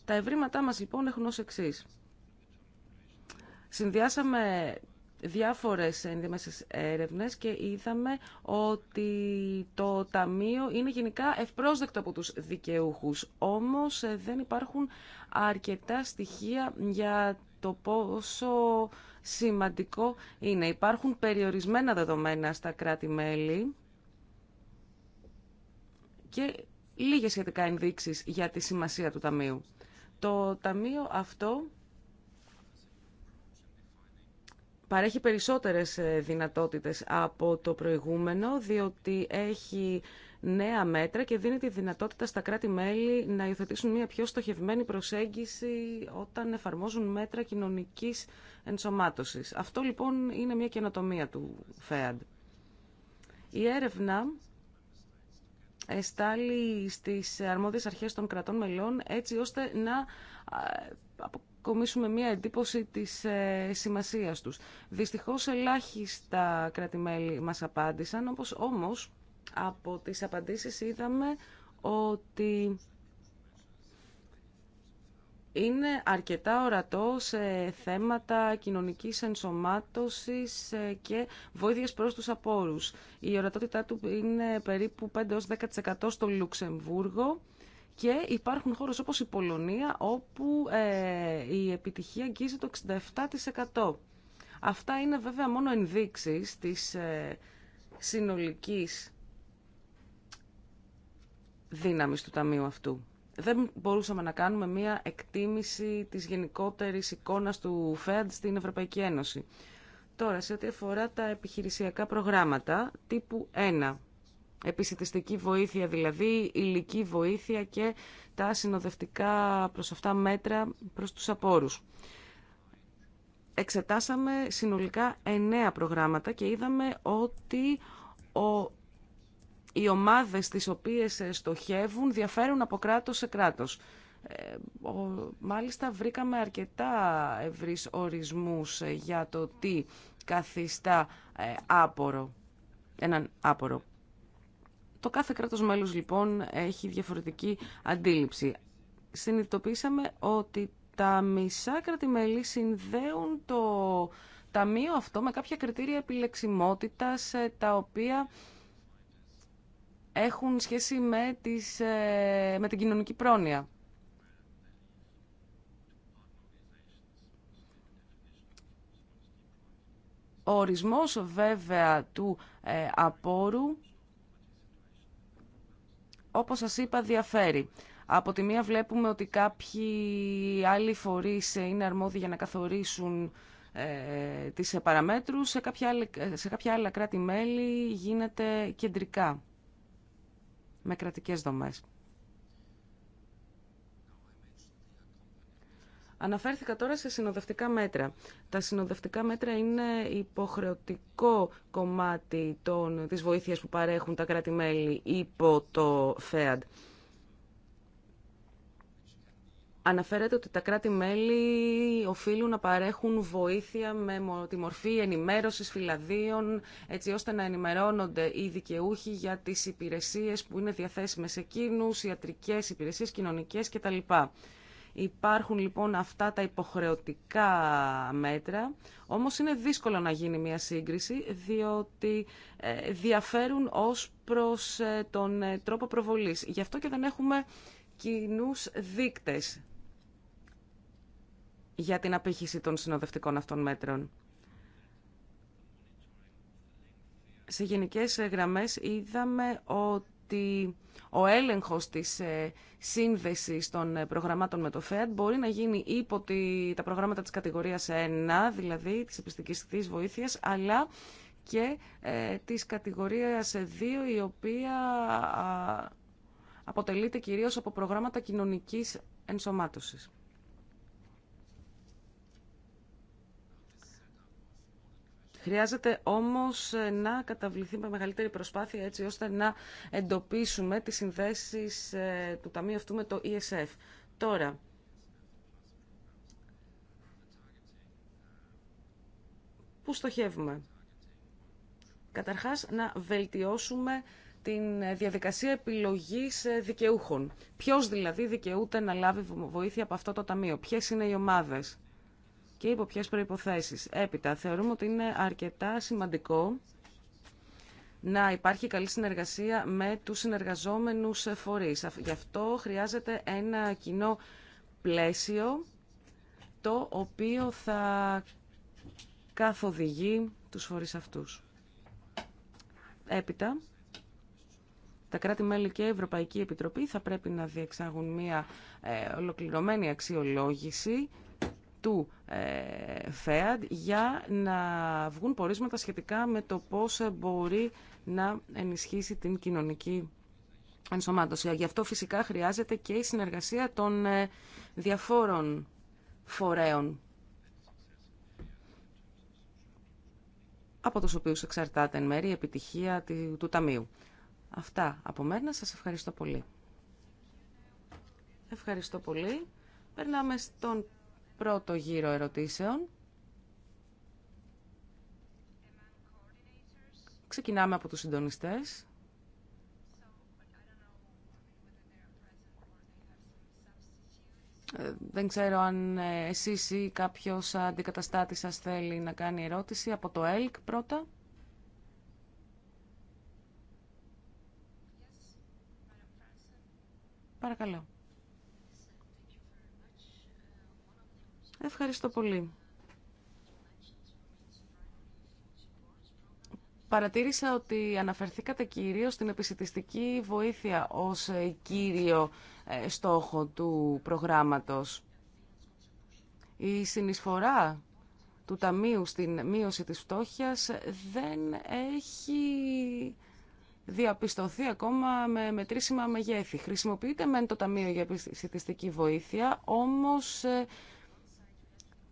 Τα ευρήματά μας λοιπόν έχουν ως εξής. Συνδυάσαμε διάφορες ενδυμασίες έρευνες και είδαμε ότι το Ταμείο είναι γενικά ευπρόσδεκτο από τους δικαιούχους. Όμως ε, δεν υπάρχουν αρκετά στοιχεία για το πόσο σημαντικό είναι. Υπάρχουν περιορισμένα δεδομένα στα κράτη-μέλη και λίγες σχετικά ενδείξεις για τη σημασία του Ταμείου. Το Ταμείο αυτό παρέχει περισσότερες ε, δυνατότητες από το προηγούμενο, διότι έχει νέα μέτρα και δίνει τη δυνατότητα στα κράτη-μέλη να υιοθετήσουν μια πιο στοχευμένη προσέγγιση όταν εφαρμόζουν μέτρα κοινωνικής ενσωμάτωσης. Αυτό λοιπόν είναι μια καινοτομία του ΦΕΑΝΤ. Η έρευνα εστάλει στις αρμόδιες αρχές των κρατών μελών έτσι ώστε να αποκομίσουμε μία εντύπωση της ε, σημασίας τους. Δυστυχώς ελάχιστα κρατημέλη μας απάντησαν, όπως όμως από τις απαντήσεις είδαμε ότι είναι αρκετά ορατό σε θέματα κοινωνικής ενσωμάτωσης ε, και βοήθειας προς τους απόρους. Η ορατότητά του είναι περίπου 5-10% στο Λουξεμβούργο και υπάρχουν χώρες όπως η Πολωνία όπου ε, η επιτυχία αγγίζει το 67%. Αυτά είναι βέβαια μόνο ενδείξεις της ε, συνολικής δύναμης του Ταμείου αυτού. Δεν μπορούσαμε να κάνουμε μία εκτίμηση της γενικότερης εικόνας του ΦΕΔ στην Ευρωπαϊκή Ένωση. Τώρα, σε ό,τι αφορά τα επιχειρησιακά προγράμματα τύπου 1 επισητιστική βοήθεια δηλαδή, υλική βοήθεια και τα συνοδευτικά προς αυτά μέτρα προς τους απόρους. Εξετάσαμε συνολικά εννέα προγράμματα και είδαμε ότι οι ομάδες τις οποίες στοχεύουν διαφέρουν από κράτος σε κράτος. Ε, μάλιστα βρήκαμε αρκετά ευρύς ορισμούς για το τι καθιστά ε, άπορο, έναν άπορο το κάθε κράτος μέλος λοιπόν έχει διαφορετική αντίληψη. Συνειδητοποίησαμε ότι τα μισά κρατημέλη συνδέουν το ταμείο αυτό με κάποια κριτήρια επιλεξιμότητας ε, τα οποία έχουν σχέση με, τις, ε, με την κοινωνική πρόνοια. Ο ορισμός βέβαια του ε, απόρου όπως σας είπα, διαφέρει. Από τη μία βλέπουμε ότι κάποιοι άλλοι φορείς ε, είναι αρμόδιοι για να καθορίσουν ε, τις ε, παραμέτρους, σε κάποια, ε, σε κάποια άλλα κράτη-μέλη γίνεται κεντρικά, με κρατικές δομές. Αναφέρθηκα τώρα σε συνοδευτικά μέτρα. Τα συνοδευτικά μέτρα είναι υποχρεωτικό κομμάτι των, της βοήθειας που παρέχουν τα κράτη-μέλη υπό το ΦΕΑΝΤ. Αναφέρεται ότι τα κράτη-μέλη οφείλουν να παρέχουν βοήθεια με τη μορφή ενημέρωσης φυλαδίων, έτσι ώστε να ενημερώνονται οι δικαιούχοι για τις υπηρεσίες που είναι διαθέσιμες εκείνους, ιατρικές υπηρεσίες, κοινωνικές κτλ. Υπάρχουν λοιπόν αυτά τα υποχρεωτικά μέτρα, όμως είναι δύσκολο να γίνει μια σύγκριση διότι ε, διαφέρουν ως προς ε, τον ε, τρόπο προβολής. Γι' αυτό και δεν έχουμε κοινού δείκτες για την απήχηση των συνοδευτικών αυτών μέτρων. Σε γενικές γραμμές είδαμε ότι ότι ο έλεγχος της ε, σύνδεσης των ε, προγραμμάτων με το ΦΕΑΤ μπορεί να γίνει υπό τα προγράμματα της κατηγορίας 1, δηλαδή της επιστικής βοήθειας, αλλά και ε, της κατηγορίας 2, η οποία αποτελείται κυρίως από προγράμματα κοινωνικής ενσωμάτωσης. Χρειάζεται όμως ε, να καταβληθεί με μεγαλύτερη προσπάθεια έτσι ώστε να εντοπίσουμε τις συνδέσεις ε, του Ταμείου αυτού με το ESF. Τώρα, πού στοχεύουμε. Καταρχάς, να βελτιώσουμε την διαδικασία επιλογής ε, δικαιούχων. Ποιος δηλαδή δικαιούται να λάβει βοήθεια από αυτό το ταμείο, ποιες είναι οι ομάδες και υπό ποιες προϋποθέσεις. Έπειτα, θεωρούμε ότι είναι αρκετά σημαντικό να υπάρχει καλή συνεργασία με τους συνεργαζόμενους φορείς. Γι' αυτό χρειάζεται ένα κοινό πλαίσιο το οποίο θα καθοδηγεί τους φορείς αυτούς. Έπειτα, τα κράτη-μέλη και η Ευρωπαϊκή Επιτροπή θα πρέπει να διεξάγουν μια ε, ολοκληρωμένη αξιολόγηση του ε, ΦΕΑΔ για να βγουν πορίσματα σχετικά με το πώς μπορεί να ενισχύσει την κοινωνική ενσωμάτωση. Γι' αυτό φυσικά χρειάζεται και η συνεργασία των ε, διαφόρων φορέων από τους οποίους εξαρτάται εν μέρει η επιτυχία του Ταμείου. Αυτά από μένα. Σας ευχαριστώ πολύ. Ευχαριστώ πολύ. Περνάμε στον πρώτο γύρο ερωτήσεων. Ξεκινάμε από τους συντονιστές. Ε, δεν ξέρω αν ε, εσείς ή κάποιος αντικαταστάτης σας θέλει να κάνει ερώτηση. Από το ΕΛΚ πρώτα. Παρακαλώ. Ευχαριστώ πολύ. Παρατήρησα ότι αναφερθήκατε κυρίως στην επισητιστική βοήθεια ως ε, κύριο ε, στόχο του προγράμματος. Η συνεισφορά του Ταμείου στην μείωση της φτώχειας δεν έχει διαπιστωθεί ακόμα με μετρήσιμα μεγέθη. Χρησιμοποιείται μεν το Ταμείο για επισητιστική βοήθεια, όμως ε,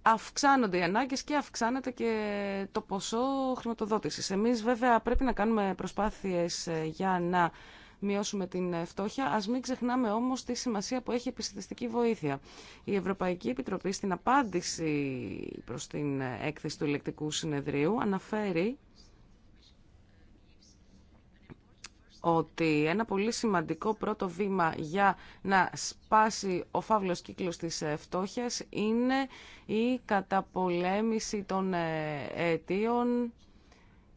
αυξάνονται οι ανάγκες και αυξάνεται και το ποσό χρηματοδότησης. Εμείς βέβαια πρέπει να κάνουμε προσπάθειες ε, για να μειώσουμε την ε, φτώχεια. Ας μην ξεχνάμε όμως τη σημασία που έχει η επιστημιστική βοήθεια. Η Ευρωπαϊκή Επιτροπή στην απάντηση προς την ε, έκθεση του ηλεκτρικού συνεδρίου αναφέρει ότι ένα πολύ σημαντικό πρώτο βήμα για να σπάσει ο φαύλος κύκλος της ε, φτώχειας είναι η καταπολέμηση των ε, αιτίων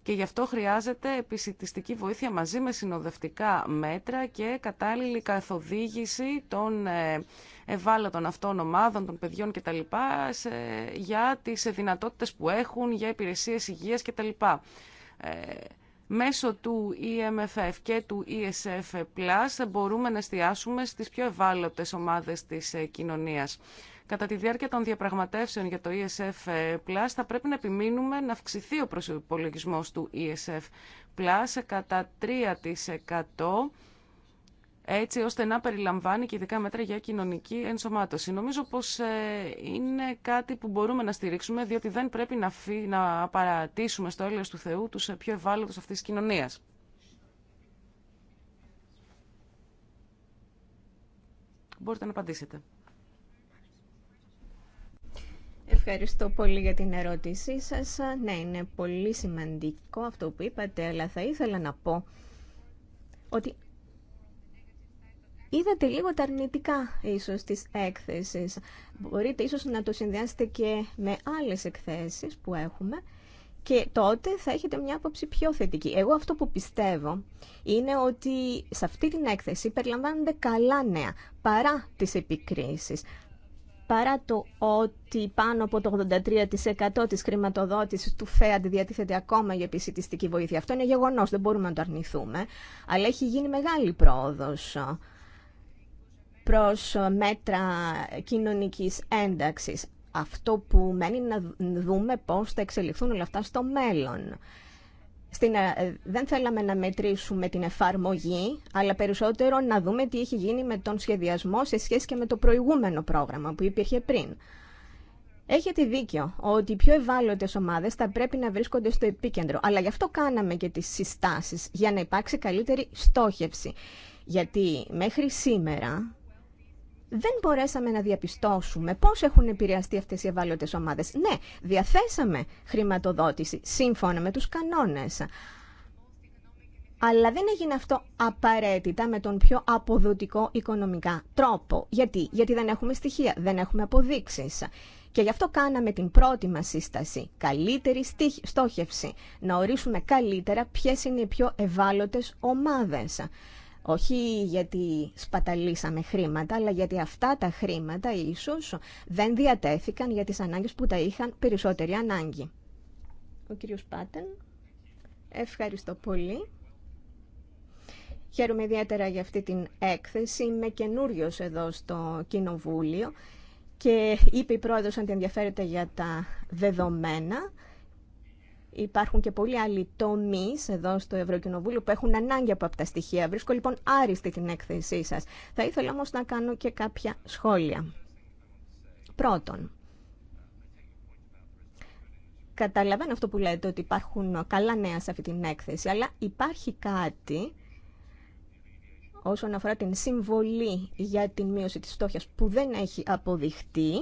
και γι' αυτό χρειάζεται επισητιστική βοήθεια μαζί με συνοδευτικά μέτρα και κατάλληλη καθοδήγηση των ε, ευάλωτων αυτών ομάδων, των παιδιών κτλ. για τις δυνατότητες που έχουν, για υπηρεσίες υγείας κτλ μέσω του EMFF και του ESF Plus μπορούμε να εστιάσουμε στις πιο ευάλωτες ομάδες της ε, κοινωνίας. Κατά τη διάρκεια των διαπραγματεύσεων για το ESF ε, Plus θα πρέπει να επιμείνουμε να αυξηθεί ο προσυπολογισμός του ESF Plus κατά 3% έτσι ώστε να περιλαμβάνει και ειδικά μέτρα για κοινωνική ενσωμάτωση. Νομίζω πως ε, είναι κάτι που μπορούμε να στηρίξουμε, διότι δεν πρέπει να, φύ, να παρατήσουμε στο έλεος του Θεού τους ε, πιο ευάλωτους αυτής της κοινωνίας. Μπορείτε να απαντήσετε. Ευχαριστώ πολύ για την ερώτησή σας. Ναι, είναι πολύ σημαντικό αυτό που είπατε, αλλά θα ήθελα να πω ότι Είδατε λίγο τα αρνητικά ίσως της έκθεσης. Μπορείτε ίσως να το συνδυάσετε και με άλλες εκθέσεις που έχουμε και τότε θα έχετε μια άποψη πιο θετική. Εγώ αυτό που πιστεύω είναι ότι σε αυτή την έκθεση περιλαμβάνονται καλά νέα παρά τις επικρίσεις. Παρά το ότι πάνω από το 83% της χρηματοδότησης του Φέα διατίθεται ακόμα για επισητιστική βοήθεια. Αυτό είναι γεγονός, δεν μπορούμε να το αρνηθούμε, αλλά έχει γίνει μεγάλη πρόοδος προς ε, μέτρα κοινωνικής ένταξης. Αυτό που μένει είναι να δούμε πώς θα εξελιχθούν όλα αυτά στο μέλλον. Στην, ε, ε, δεν θέλαμε να μετρήσουμε την εφαρμογή, αλλά περισσότερο να δούμε τι έχει γίνει με τον σχεδιασμό σε σχέση και με το προηγούμενο πρόγραμμα που υπήρχε πριν. Έχετε δίκιο ότι οι πιο ευάλωτε ομάδε θα πρέπει να βρίσκονται στο επίκεντρο. Αλλά γι' αυτό κάναμε και τι συστάσει, για να υπάρξει καλύτερη στόχευση. Γιατί μέχρι σήμερα δεν μπορέσαμε να διαπιστώσουμε πώς έχουν επηρεαστεί αυτές οι ευάλωτες ομάδες. Ναι, διαθέσαμε χρηματοδότηση σύμφωνα με τους κανόνες. Αλλά δεν έγινε αυτό απαραίτητα με τον πιο αποδοτικό οικονομικά τρόπο. Γιατί, Γιατί δεν έχουμε στοιχεία, δεν έχουμε αποδείξεις. Και γι' αυτό κάναμε την πρώτη μας σύσταση, καλύτερη στόχευση, να ορίσουμε καλύτερα ποιες είναι οι πιο ευάλωτες ομάδες. Όχι γιατί σπαταλήσαμε χρήματα, αλλά γιατί αυτά τα χρήματα ίσως δεν διατέθηκαν για τις ανάγκες που τα είχαν περισσότερη ανάγκη. Ο κύριος Πάτεν, ευχαριστώ πολύ. Χαίρομαι ιδιαίτερα για αυτή την έκθεση. Είμαι καινούριο εδώ στο Κοινοβούλιο και είπε η πρόεδρος αν ενδιαφέρεται για τα δεδομένα. Υπάρχουν και πολλοί άλλοι τομεί εδώ στο Ευρωκοινοβούλιο που έχουν ανάγκη από αυτά τα στοιχεία. Βρίσκω λοιπόν άριστη την έκθεσή σα. Θα ήθελα όμω να κάνω και κάποια σχόλια. Πρώτον, καταλαβαίνω αυτό που λέτε ότι υπάρχουν καλά νέα σε αυτή την έκθεση, αλλά υπάρχει κάτι όσον αφορά την συμβολή για την μείωση της φτώχειας που δεν έχει αποδειχτεί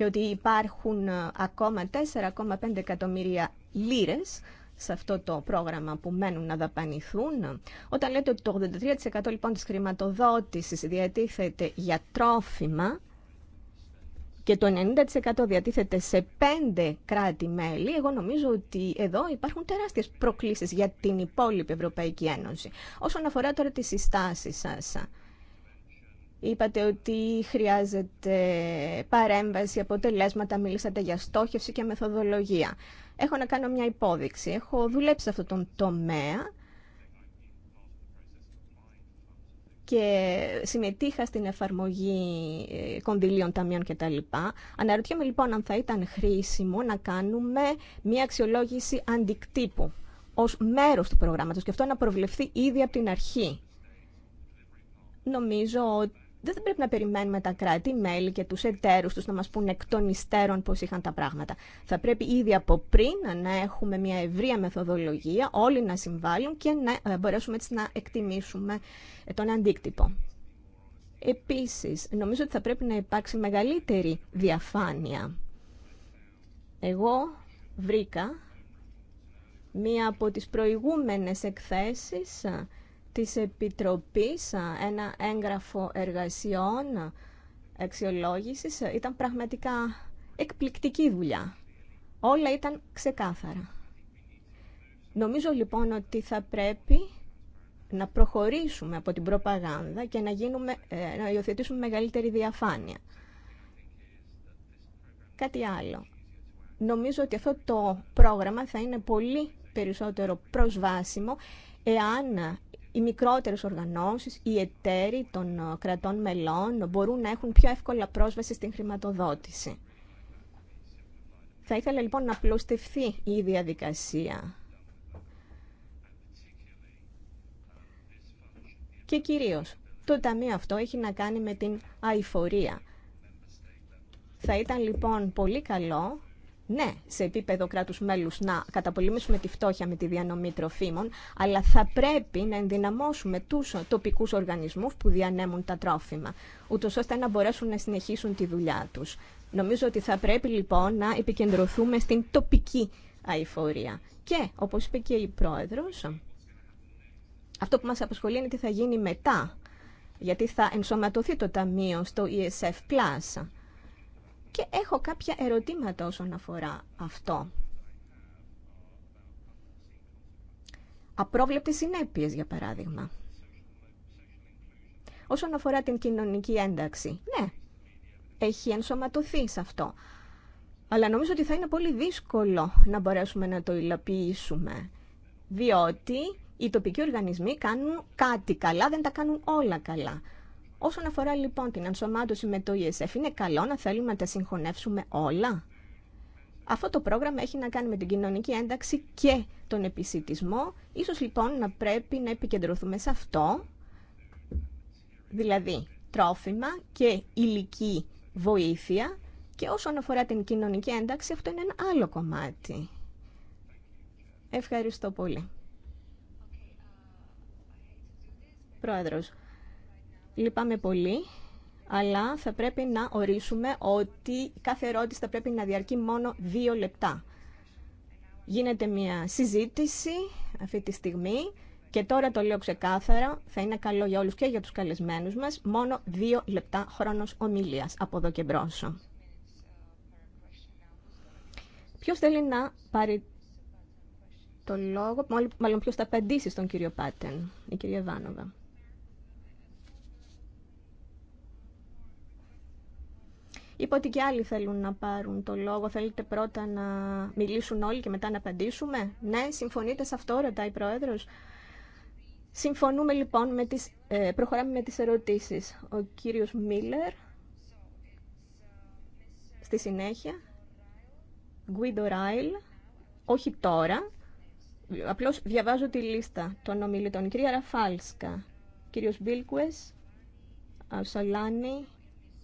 και ότι υπάρχουν ε, ακόμα 4,5 εκατομμύρια λίρες σε αυτό το πρόγραμμα που μένουν να δαπανηθούν. Όταν λέτε ότι το 83% λοιπόν της χρηματοδότησης διατίθεται για τρόφιμα και το 90% διατίθεται σε πεντε κράτη-μέλη, εγώ νομίζω ότι εδώ υπάρχουν τεράστιες προκλήσεις για την υπόλοιπη Ευρωπαϊκή Ένωση. Όσον αφορά τώρα τις συστάσεις σας, Είπατε ότι χρειάζεται παρέμβαση, αποτελέσματα, μίλησατε για στόχευση και μεθοδολογία. Έχω να κάνω μια υπόδειξη. Έχω δουλέψει σε αυτόν τον τομέα και συμμετείχα στην εφαρμογή ε, κονδυλίων, ταμείων κτλ. Αναρωτιέμαι λοιπόν αν θα ήταν χρήσιμο να κάνουμε μια αξιολόγηση αντικτύπου ως μέρος του προγράμματος και αυτό να προβλεφθεί ήδη από την αρχή. Νομίζω ότι δεν θα πρέπει να περιμένουμε τα κράτη-μέλη και τους εταίρους τους να μας πούν εκ των υστέρων πώς είχαν τα πράγματα. Θα πρέπει ήδη από πριν να έχουμε μια ευρεία μεθοδολογία, όλοι να συμβάλλουν και να ε, μπορέσουμε έτσι να εκτιμήσουμε ε, τον αντίκτυπο. Επίσης, νομίζω ότι θα πρέπει να υπάρξει μεγαλύτερη διαφάνεια. Εγώ βρήκα μία από τις προηγούμενες εκθέσεις ε, της Επιτροπής ένα έγγραφο εργασιών αξιολόγησης ε, ήταν πραγματικά εκπληκτική δουλειά. Όλα ήταν ξεκάθαρα. Νομίζω λοιπόν ότι θα πρέπει να προχωρήσουμε από την προπαγάνδα και να, γίνουμε, ε, να υιοθετήσουμε μεγαλύτερη διαφάνεια. Κάτι άλλο. Νομίζω ότι αυτό το πρόγραμμα θα είναι πολύ περισσότερο προσβάσιμο εάν οι μικρότερες οργανώσεις, οι εταίροι των ε, κρατών μελών μπορούν να έχουν πιο εύκολα πρόσβαση στην χρηματοδότηση. Θα ήθελα λοιπόν να πλουστευτεί η διαδικασία. Και κυρίως, το ταμείο αυτό έχει να κάνει με την αηφορία. Θα ήταν λοιπόν πολύ καλό ναι, σε επίπεδο κράτους μέλους να καταπολεμήσουμε τη φτώχεια με τη διανομή τροφίμων, αλλά θα πρέπει να ενδυναμώσουμε τους τοπικούς οργανισμούς που διανέμουν τα τρόφιμα, ούτω ώστε να μπορέσουν να συνεχίσουν τη δουλειά τους. Νομίζω ότι θα πρέπει λοιπόν να επικεντρωθούμε στην τοπική αηφορία. Και, όπως είπε και η Πρόεδρος, αυτό που μας απασχολεί είναι τι θα γίνει μετά, γιατί θα ενσωματωθεί το Ταμείο στο ESF+. Και έχω κάποια ερωτήματα όσον αφορά αυτό. Απρόβλεπτες συνέπειες, για παράδειγμα. Όσον αφορά την κοινωνική ένταξη, ναι, έχει ενσωματωθεί σε αυτό. Αλλά νομίζω ότι θα είναι πολύ δύσκολο να μπορέσουμε να το υλοποιήσουμε. Διότι οι τοπικοί οργανισμοί κάνουν κάτι καλά, δεν τα κάνουν όλα καλά. Όσον αφορά λοιπόν την ενσωμάτωση με το ESF, είναι καλό να θέλουμε να τα συγχωνεύσουμε όλα. Αυτό το πρόγραμμα έχει να κάνει με την κοινωνική ένταξη και τον επισητισμό. Ίσως λοιπόν να πρέπει να επικεντρωθούμε σε αυτό, δηλαδή τρόφιμα και υλική βοήθεια και όσον αφορά την κοινωνική ένταξη αυτό είναι ένα άλλο κομμάτι. Ευχαριστώ πολύ. Uh, Πρόεδρος, Λυπάμαι πολύ, αλλά θα πρέπει να ορίσουμε ότι κάθε ερώτηση θα πρέπει να διαρκεί μόνο δύο λεπτά. Γίνεται μια συζήτηση αυτή τη στιγμή και τώρα το λέω ξεκάθαρα, θα είναι καλό για όλους και για τους καλεσμένους μας, μόνο δύο λεπτά χρόνος ομιλίας από εδώ και μπρος. Ποιος θέλει να πάρει το λόγο, μάλλον ποιος θα απαντήσει στον κύριο Πάτεν, η κυρία Βάνοβα. Είπα ότι και άλλοι θέλουν να πάρουν το λόγο. Θέλετε πρώτα να μιλήσουν όλοι και μετά να απαντήσουμε. Ναι, συμφωνείτε σε αυτό, ρωτάει η πρόεδρο. Συμφωνούμε λοιπόν, με τις, ε, προχωράμε με τις ερωτήσεις. Ο κύριος Μίλλερ, στη συνέχεια, Γκουίντο Ράιλ, όχι τώρα, απλώς διαβάζω τη λίστα των ομιλητών. Κυρία Ραφάλσκα, κύριος Μπίλκουες, Σαλάνη,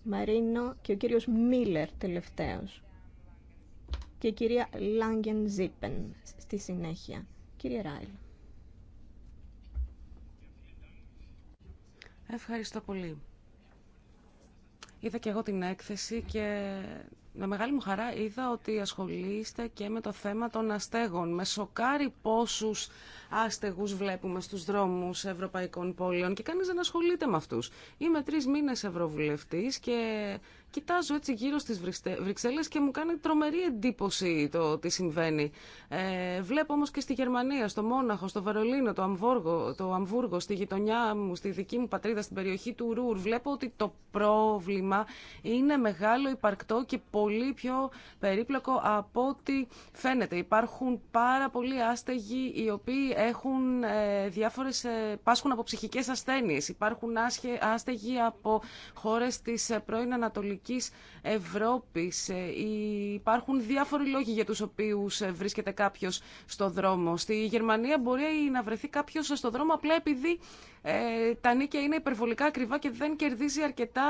Μαρίνο και ο κύριος Μίλλερ τελευταίος και η κυρία Λάγκεν Ζίπεν στη συνέχεια. Κύριε Ράιλ. Ευχαριστώ πολύ. Είδα και εγώ την έκθεση και με μεγάλη μου χαρά είδα ότι ασχολείστε και με το θέμα των αστέγων. Με σοκάρει πόσους άστεγους βλέπουμε στους δρόμους ευρωπαϊκών πόλεων και κανείς δεν ασχολείται με αυτούς. Είμαι τρεις μήνες ευρωβουλευτής και Κοιτάζω έτσι γύρω στις Βρυξέλλες και μου κάνει τρομερή εντύπωση το τι συμβαίνει. Ε, βλέπω όμως και στη Γερμανία, στο Μόναχο, στο Βερολίνο, το, Αμβούργο, το Αμβούργο, στη γειτονιά μου, στη δική μου πατρίδα, στην περιοχή του Ρούρ. Βλέπω ότι το πρόβλημα είναι μεγάλο, υπαρκτό και πολύ πιο περίπλοκο από ό,τι φαίνεται. Υπάρχουν πάρα πολλοί άστεγοι οι οποίοι έχουν ε, διάφορες, ε, πάσχουν από ψυχικές ασθένειες. Υπάρχουν άστεγοι από χώρες της ε, πρώην Ανατολικής Ευρώπης. Ε, υπάρχουν διάφοροι λόγοι για τους οποίους ε, βρίσκεται κάποιος στο δρόμο. Στη Γερμανία μπορεί να βρεθεί κάποιος στο δρόμο απλά επειδή ε, τα νίκια είναι υπερβολικά ακριβά και δεν κερδίζει αρκετά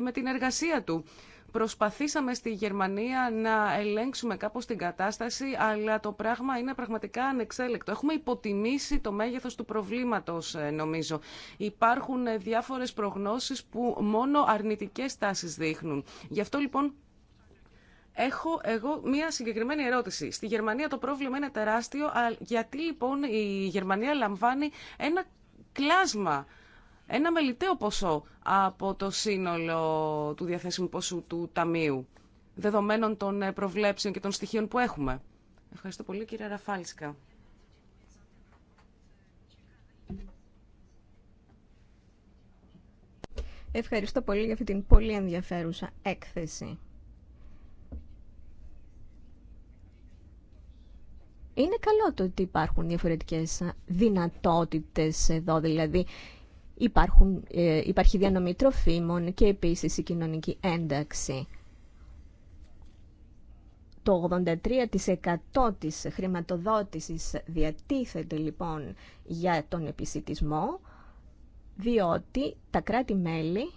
με την εργασία του. Προσπαθήσαμε στη Γερμανία να ελέγξουμε κάπως την κατάσταση, αλλά το πράγμα είναι πραγματικά ανεξέλεκτο. Έχουμε υποτιμήσει το μέγεθος του προβλήματος, ε, νομίζω. Υπάρχουν ε, διάφορες προγνώσεις που μόνο αρνητικές τάσεις δείχνουν. Γι' αυτό λοιπόν Έχω εγώ μία συγκεκριμένη ερώτηση. Στη Γερμανία το πρόβλημα είναι τεράστιο, γιατί λοιπόν η Γερμανία λαμβάνει ένα κλάσμα ένα μελιτέο ποσό από το σύνολο του διαθέσιμου ποσού του Ταμείου, δεδομένων των ε, προβλέψεων και των στοιχείων που έχουμε. Ευχαριστώ πολύ κύριε Ραφάλσκα. Ευχαριστώ πολύ για αυτή την πολύ ενδιαφέρουσα έκθεση. Είναι καλό το ότι υπάρχουν διαφορετικές δυνατότητες εδώ, δηλαδή Υπάρχουν, ε, υπάρχει διανομή τροφίμων και επίσης η κοινωνική ένταξη. Το 83% της χρηματοδότησης διατίθεται λοιπόν για τον επισητισμό, διότι τα κράτη-μέλη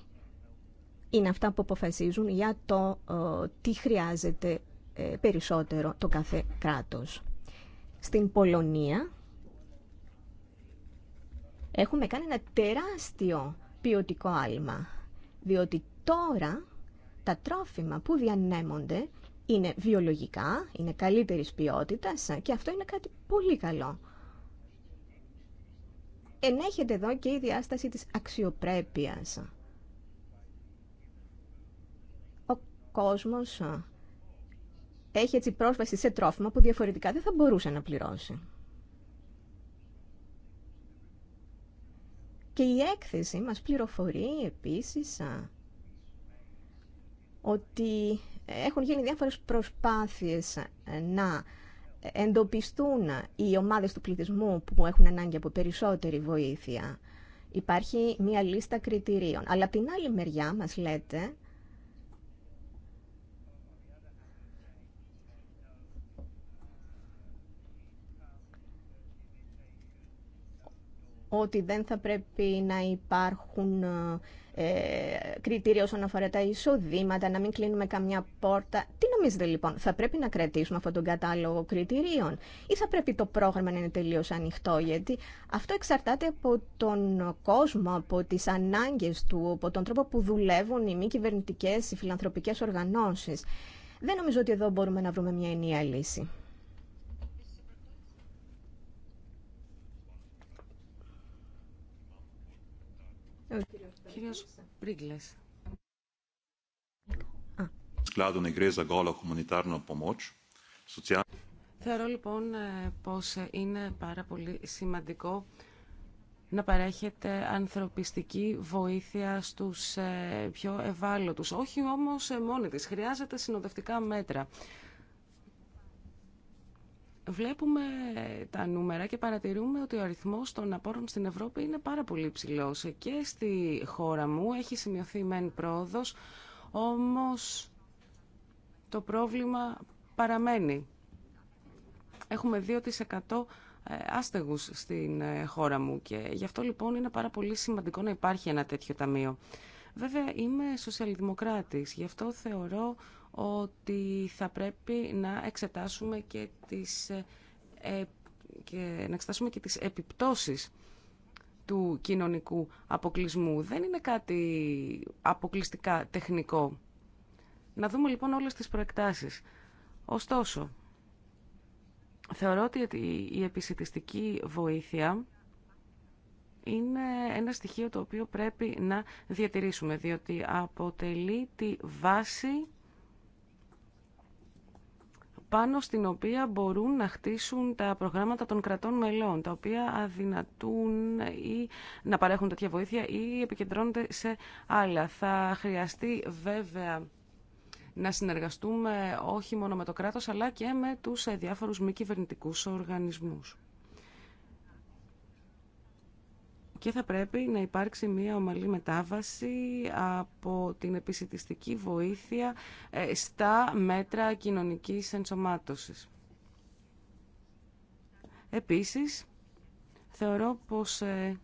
είναι αυτά που αποφασίζουν για το ε, τι χρειάζεται ε, περισσότερο το κάθε κράτος. Στην Πολωνία έχουμε κάνει ένα τεράστιο ποιοτικό άλμα. Διότι τώρα τα τρόφιμα που διανέμονται είναι βιολογικά, είναι καλύτερης ποιότητας και αυτό είναι κάτι πολύ καλό. Ενέχεται εδώ και η διάσταση της αξιοπρέπειας. Ο κόσμος έχει έτσι πρόσβαση σε τρόφιμα που διαφορετικά δεν θα μπορούσε να πληρώσει. Και η έκθεση μας πληροφορεί επίσης ότι έχουν γίνει διάφορες προσπάθειες να εντοπιστούν οι ομάδες του πληθυσμού που έχουν ανάγκη από περισσότερη βοήθεια. Υπάρχει μία λίστα κριτηρίων. Αλλά από την άλλη μεριά μας λέτε ότι δεν θα πρέπει να υπάρχουν ε, ε, κριτήρια όσον αφορά τα εισοδήματα, να μην κλείνουμε καμιά πόρτα. Τι νομίζετε λοιπόν, θα πρέπει να κρατήσουμε αυτόν τον κατάλογο κριτηρίων ή θα πρέπει το πρόγραμμα να είναι τελείω ανοιχτό, γιατί αυτό εξαρτάται από τον κόσμο, από τι ανάγκε του, από τον τρόπο που δουλεύουν οι μη κυβερνητικέ, οι φιλανθρωπικέ οργανώσει. Δεν νομίζω ότι εδώ μπορούμε να βρούμε μια ενιαία λύση. Θεωρώ λοιπόν ε, πως είναι πάρα πολύ σημαντικό να παρέχεται ανθρωπιστική βοήθεια στους ε, πιο ευάλωτους. Όχι όμως ε, μόνη της. Χρειάζεται συνοδευτικά μέτρα βλέπουμε τα νούμερα και παρατηρούμε ότι ο αριθμός των απόρων στην Ευρώπη είναι πάρα πολύ ψηλός. Και στη χώρα μου έχει σημειωθεί μεν πρόοδος, όμως το πρόβλημα παραμένει. Έχουμε 2% ε, άστεγους στην ε, χώρα μου και γι' αυτό λοιπόν είναι πάρα πολύ σημαντικό να υπάρχει ένα τέτοιο ταμείο. Βέβαια είμαι σοσιαλδημοκράτης, γι' αυτό θεωρώ ότι θα πρέπει να εξετάσουμε και τις, ε, και, να εξετάσουμε και τις επιπτώσεις του κοινωνικού αποκλεισμού. Δεν είναι κάτι αποκλειστικά τεχνικό. Να δούμε λοιπόν όλες τις προεκτάσεις. Ωστόσο, θεωρώ ότι η επισητιστική βοήθεια είναι ένα στοιχείο το οποίο πρέπει να διατηρήσουμε, διότι αποτελεί τη βάση πάνω στην οποία μπορούν να χτίσουν τα προγράμματα των κρατών μελών, τα οποία αδυνατούν ή να παρέχουν τέτοια βοήθεια ή επικεντρώνονται σε άλλα. Θα χρειαστεί βέβαια να συνεργαστούμε όχι μόνο με το κράτος αλλά και με τους διάφορους μη κυβερνητικού οργανισμούς. και θα πρέπει να υπάρξει μια ομαλή μετάβαση από την επισητιστική βοήθεια ε, στα μέτρα κοινωνικής ενσωμάτωσης. Επίσης, θεωρώ πως ε,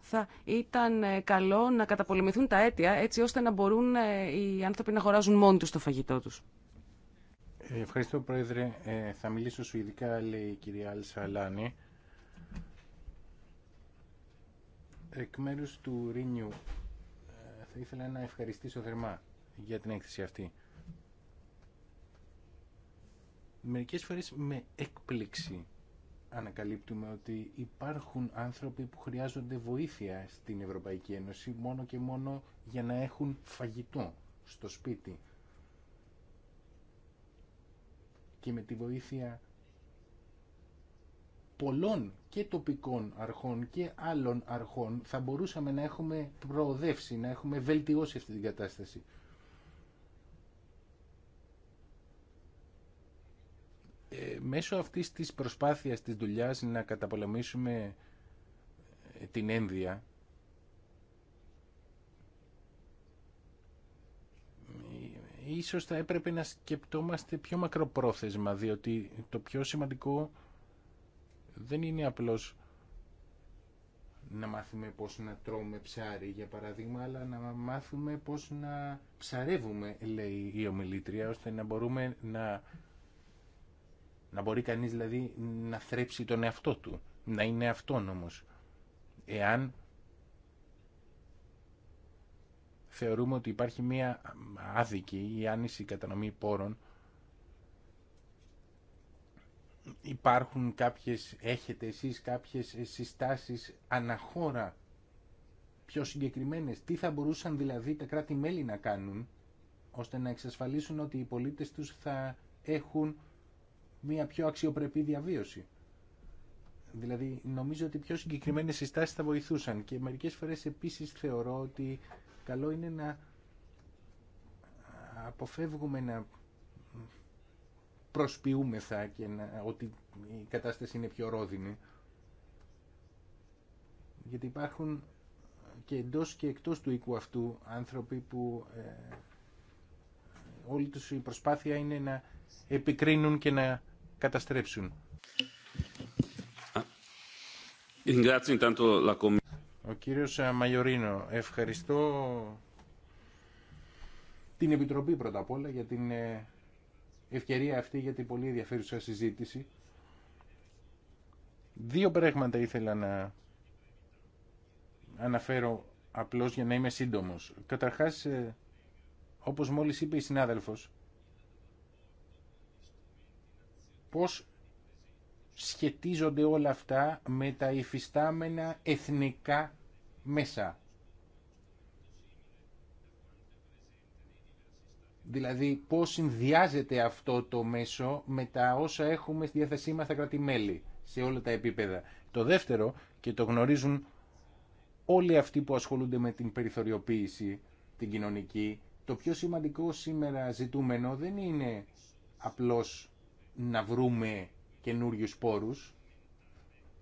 θα ήταν ε, καλό να καταπολεμηθούν τα αίτια έτσι ώστε να μπορούν οι άνθρωποι να αγοράζουν μόνοι τους το φαγητό τους. Ευχαριστώ Πρόεδρε. θα μιλήσω σου ειδικά λέει η κυρία Άλσα Εκ μέρους του Ρίνιου ε, θα ήθελα να ευχαριστήσω θερμά για την έκθεση αυτή. Μερικές φορές με έκπληξη ανακαλύπτουμε ότι υπάρχουν άνθρωποι που χρειάζονται βοήθεια στην Ευρωπαϊκή Ένωση μόνο και μόνο για να έχουν φαγητό στο σπίτι. Και με τη βοήθεια πολλών και τοπικών αρχών και άλλων αρχών θα μπορούσαμε να έχουμε προοδεύσει, να έχουμε βελτιώσει αυτή την κατάσταση. Ε, μέσω αυτής της προσπάθειας της δουλειάς να καταπολεμήσουμε ε, την ένδυα ε, ίσως θα έπρεπε να σκεπτόμαστε πιο μακροπρόθεσμα διότι το πιο σημαντικό δεν είναι απλώς να μάθουμε πώς να τρώμε ψάρι για παραδείγμα αλλά να μάθουμε πώς να ψαρεύουμε λέει η ομιλήτρια ώστε να μπορούμε να να μπορεί κανείς δηλαδή να θρέψει τον εαυτό του να είναι αυτόνομος εάν θεωρούμε ότι υπάρχει μία άδικη ή άνηση κατανομή πόρων υπάρχουν κάποιες, έχετε εσείς κάποιες συστάσεις αναχώρα πιο συγκεκριμένες. Τι θα μπορούσαν δηλαδή τα κράτη-μέλη να κάνουν ώστε να εξασφαλίσουν ότι οι πολίτες τους θα έχουν μια πιο αξιοπρεπή διαβίωση. Δηλαδή νομίζω ότι πιο συγκεκριμένες συστάσεις θα βοηθούσαν και μερικές φορές επίσης θεωρώ ότι καλό είναι να αποφεύγουμε να προσποιούμεθα και να, ότι η κατάσταση είναι πιο ρόδινη. Γιατί υπάρχουν και εντός και εκτός του οίκου αυτού άνθρωποι που ε, όλη τους η προσπάθεια είναι να επικρίνουν και να καταστρέψουν. Ο κύριος ε, Μαγιορίνο, ευχαριστώ την Επιτροπή πρώτα απ' όλα για την ε, ευκαιρία αυτή για την πολύ ενδιαφέρουσα συζήτηση. Δύο πράγματα ήθελα να αναφέρω απλώς για να είμαι σύντομος. Καταρχάς, ε, όπως μόλις είπε η συνάδελφος, πώς σχετίζονται όλα αυτά με τα υφιστάμενα εθνικά μέσα Δηλαδή πώς συνδυάζεται αυτό το μέσο με τα όσα έχουμε στη διάθεσή μας τα κρατημέλη σε όλα τα επίπεδα. Το δεύτερο και το γνωρίζουν όλοι αυτοί που ασχολούνται με την περιθωριοποίηση, την κοινωνική, το πιο σημαντικό σήμερα ζητούμενο δεν είναι απλώς να βρούμε καινούριου πόρους,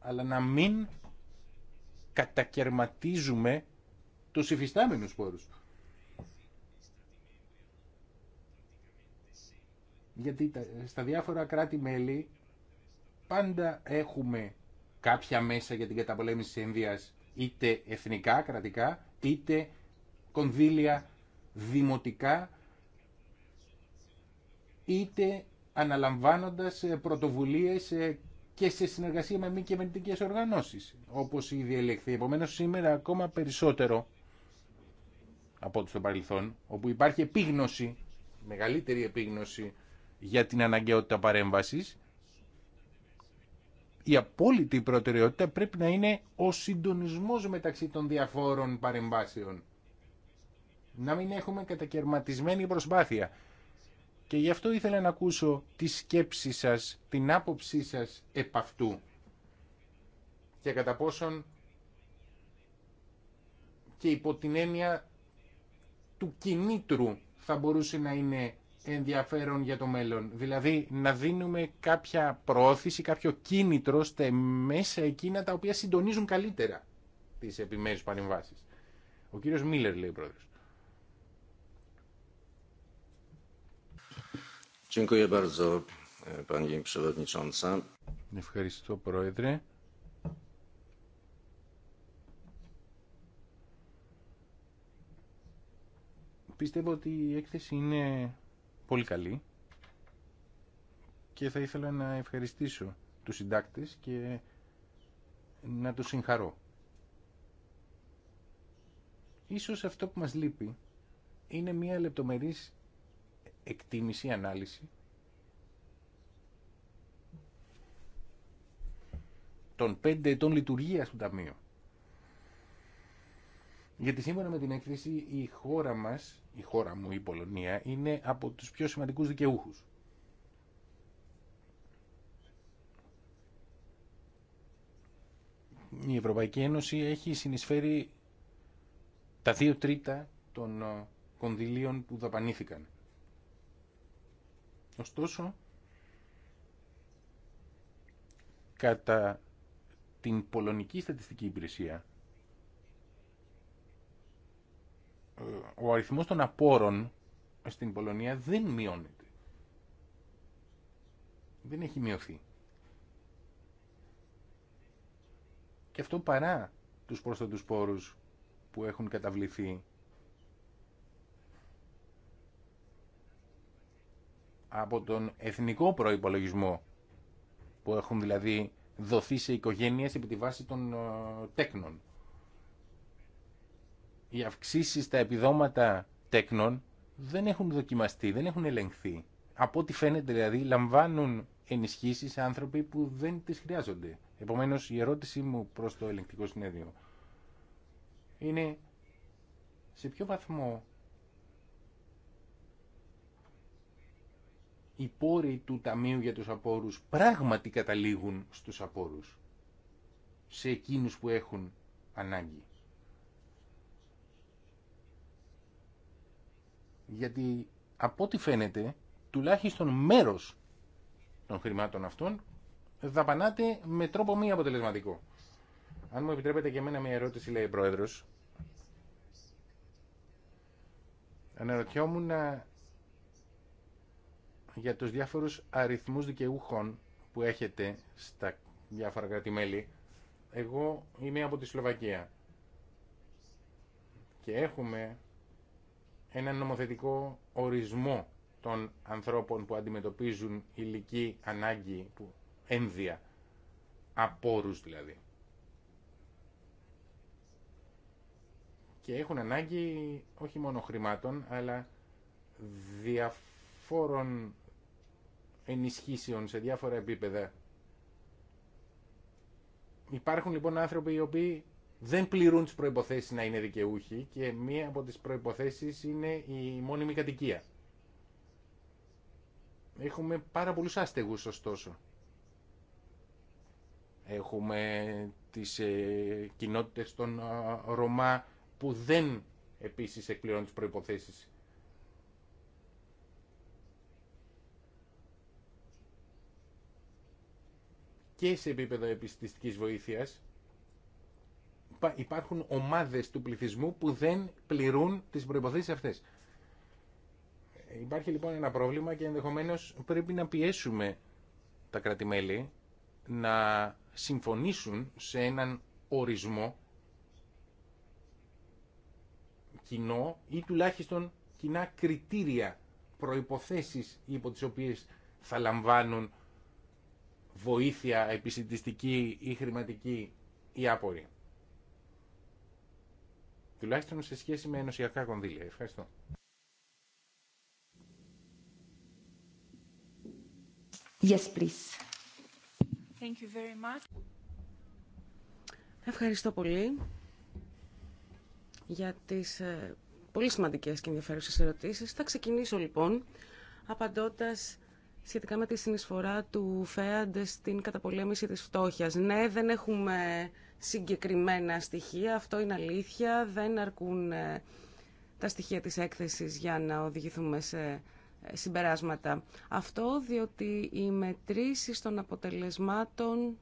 αλλά να μην κατακαιρματίζουμε τους υφιστάμενους πόρους. Γιατί στα διάφορα κράτη-μέλη πάντα έχουμε κάποια μέσα για την καταπολέμηση της ένδυας, είτε εθνικά, κρατικά, είτε κονδύλια δημοτικά, είτε αναλαμβάνοντας ε, πρωτοβουλίες ε, και σε συνεργασία με μη κυβερνητικές οργανώσεις, όπως η ελεγχθεί. Επομένως, σήμερα ακόμα περισσότερο από ό,τι στο παρελθόν, όπου υπάρχει επίγνωση, μεγαλύτερη επίγνωση για την αναγκαιότητα παρέμβασης, η απόλυτη προτεραιότητα πρέπει να είναι ο συντονισμός μεταξύ των διαφόρων παρεμβάσεων. Να μην έχουμε κατακαιρματισμένη προσπάθεια. Και γι' αυτό ήθελα να ακούσω τη σκέψη σας, την άποψή σας επ' αυτού. Και κατά πόσον και υπό την έννοια του κινήτρου θα μπορούσε να είναι ενδιαφέρον για το μέλλον. Δηλαδή να δίνουμε κάποια προώθηση, κάποιο κίνητρο στα μέσα εκείνα τα οποία συντονίζουν καλύτερα τις επιμέρους παρεμβάσει. Ο κύριος Μίλλερ λέει Przewodnicząca. Ευχαριστώ πρόεδρε. Πιστεύω ότι η έκθεση είναι πολύ καλή και θα ήθελα να ευχαριστήσω τους συντάκτες και να τους συγχαρώ. Ίσως αυτό που μας λείπει είναι μια λεπτομερής εκτίμηση, ανάλυση των πέντε ετών λειτουργίας του Ταμείου. Γιατί σύμφωνα με την έκθεση η χώρα μας, η χώρα μου η Πολωνία, είναι από τους πιο σημαντικούς δικαιούχους. Η Ευρωπαϊκή Ένωση έχει συνεισφέρει τα δύο τρίτα των ε, κονδυλίων που δαπανήθηκαν. Ωστόσο, κατά την Πολωνική Στατιστική Υπηρεσία, ο αριθμός των απόρων στην Πολωνία δεν μειώνεται. Δεν έχει μειωθεί. Και αυτό παρά τους πρόσθετους πόρους που έχουν καταβληθεί από τον εθνικό προϋπολογισμό που έχουν δηλαδή δοθεί σε οικογένειες επί τη βάση των ε, τέκνων οι αυξήσει στα επιδόματα τέκνων δεν έχουν δοκιμαστεί, δεν έχουν ελεγχθεί. Από ό,τι φαίνεται δηλαδή λαμβάνουν ενισχύσεις άνθρωποι που δεν τις χρειάζονται. Επομένως η ερώτησή μου προς το ελεγκτικό συνέδριο είναι σε ποιο βαθμό οι πόροι του Ταμείου για τους Απόρους πράγματι καταλήγουν στους απόρους, σε εκείνους που έχουν ανάγκη. γιατί από ό,τι φαίνεται τουλάχιστον μέρος των χρημάτων αυτών δαπανάται με τρόπο μη αποτελεσματικό. Αν μου επιτρέπετε και εμένα μια ερώτηση, λέει η Πρόεδρος, αναρωτιόμουν για τους διάφορους αριθμούς δικαιούχων που έχετε στα διάφορα κράτη-μέλη. Εγώ είμαι από τη Σλοβακία και έχουμε ένα νομοθετικό ορισμό των ανθρώπων που αντιμετωπίζουν ηλική ανάγκη, που, ένδια, απόρους δηλαδή. Και έχουν ανάγκη όχι μόνο χρημάτων, αλλά διαφόρων ενισχύσεων σε διάφορα επίπεδα. Υπάρχουν λοιπόν άνθρωποι οι οποίοι δεν πληρούν τις προϋποθέσεις να είναι δικαιούχοι και μία από τις προϋποθέσεις είναι η μόνιμη κατοικία. Έχουμε πάρα πολλούς άστεγους ωστόσο. Έχουμε τις ε, κοινότητες των ε, Ρωμά που δεν επίσης εκπληρώνουν τις προϋποθέσεις. Και σε επίπεδο επιστηστικής βοήθειας υπάρχουν ομάδες του πληθυσμού που δεν πληρούν τις προϋποθέσεις αυτές. Ε, υπάρχει λοιπόν ένα πρόβλημα και ενδεχομένως πρέπει να πιέσουμε τα κρατημέλη να συμφωνήσουν σε έναν ορισμό κοινό ή τουλάχιστον κοινά κριτήρια, προϋποθέσεις υπό τις οποίες θα λαμβάνουν βοήθεια επισητιστική ή χρηματική ή άπορη τουλάχιστον σε σχέση με ενωσιακά κονδύλια. Ευχαριστώ. Yes, Thank you very much. Ευχαριστώ πολύ για τις ε, πολύ σημαντικές και ενδιαφέρουσες ερωτήσεις. Θα ξεκινήσω λοιπόν απαντώντας σχετικά με τη συνεισφορά του ΦΕΑΝΤ στην καταπολέμηση της φτώχειας. Ναι, δεν έχουμε συγκεκριμένα στοιχεία. Αυτό είναι αλήθεια. Δεν αρκούν ε, τα στοιχεία της έκθεσης για να οδηγηθούμε σε ε, συμπεράσματα. Αυτό διότι οι μετρήσεις των αποτελεσμάτων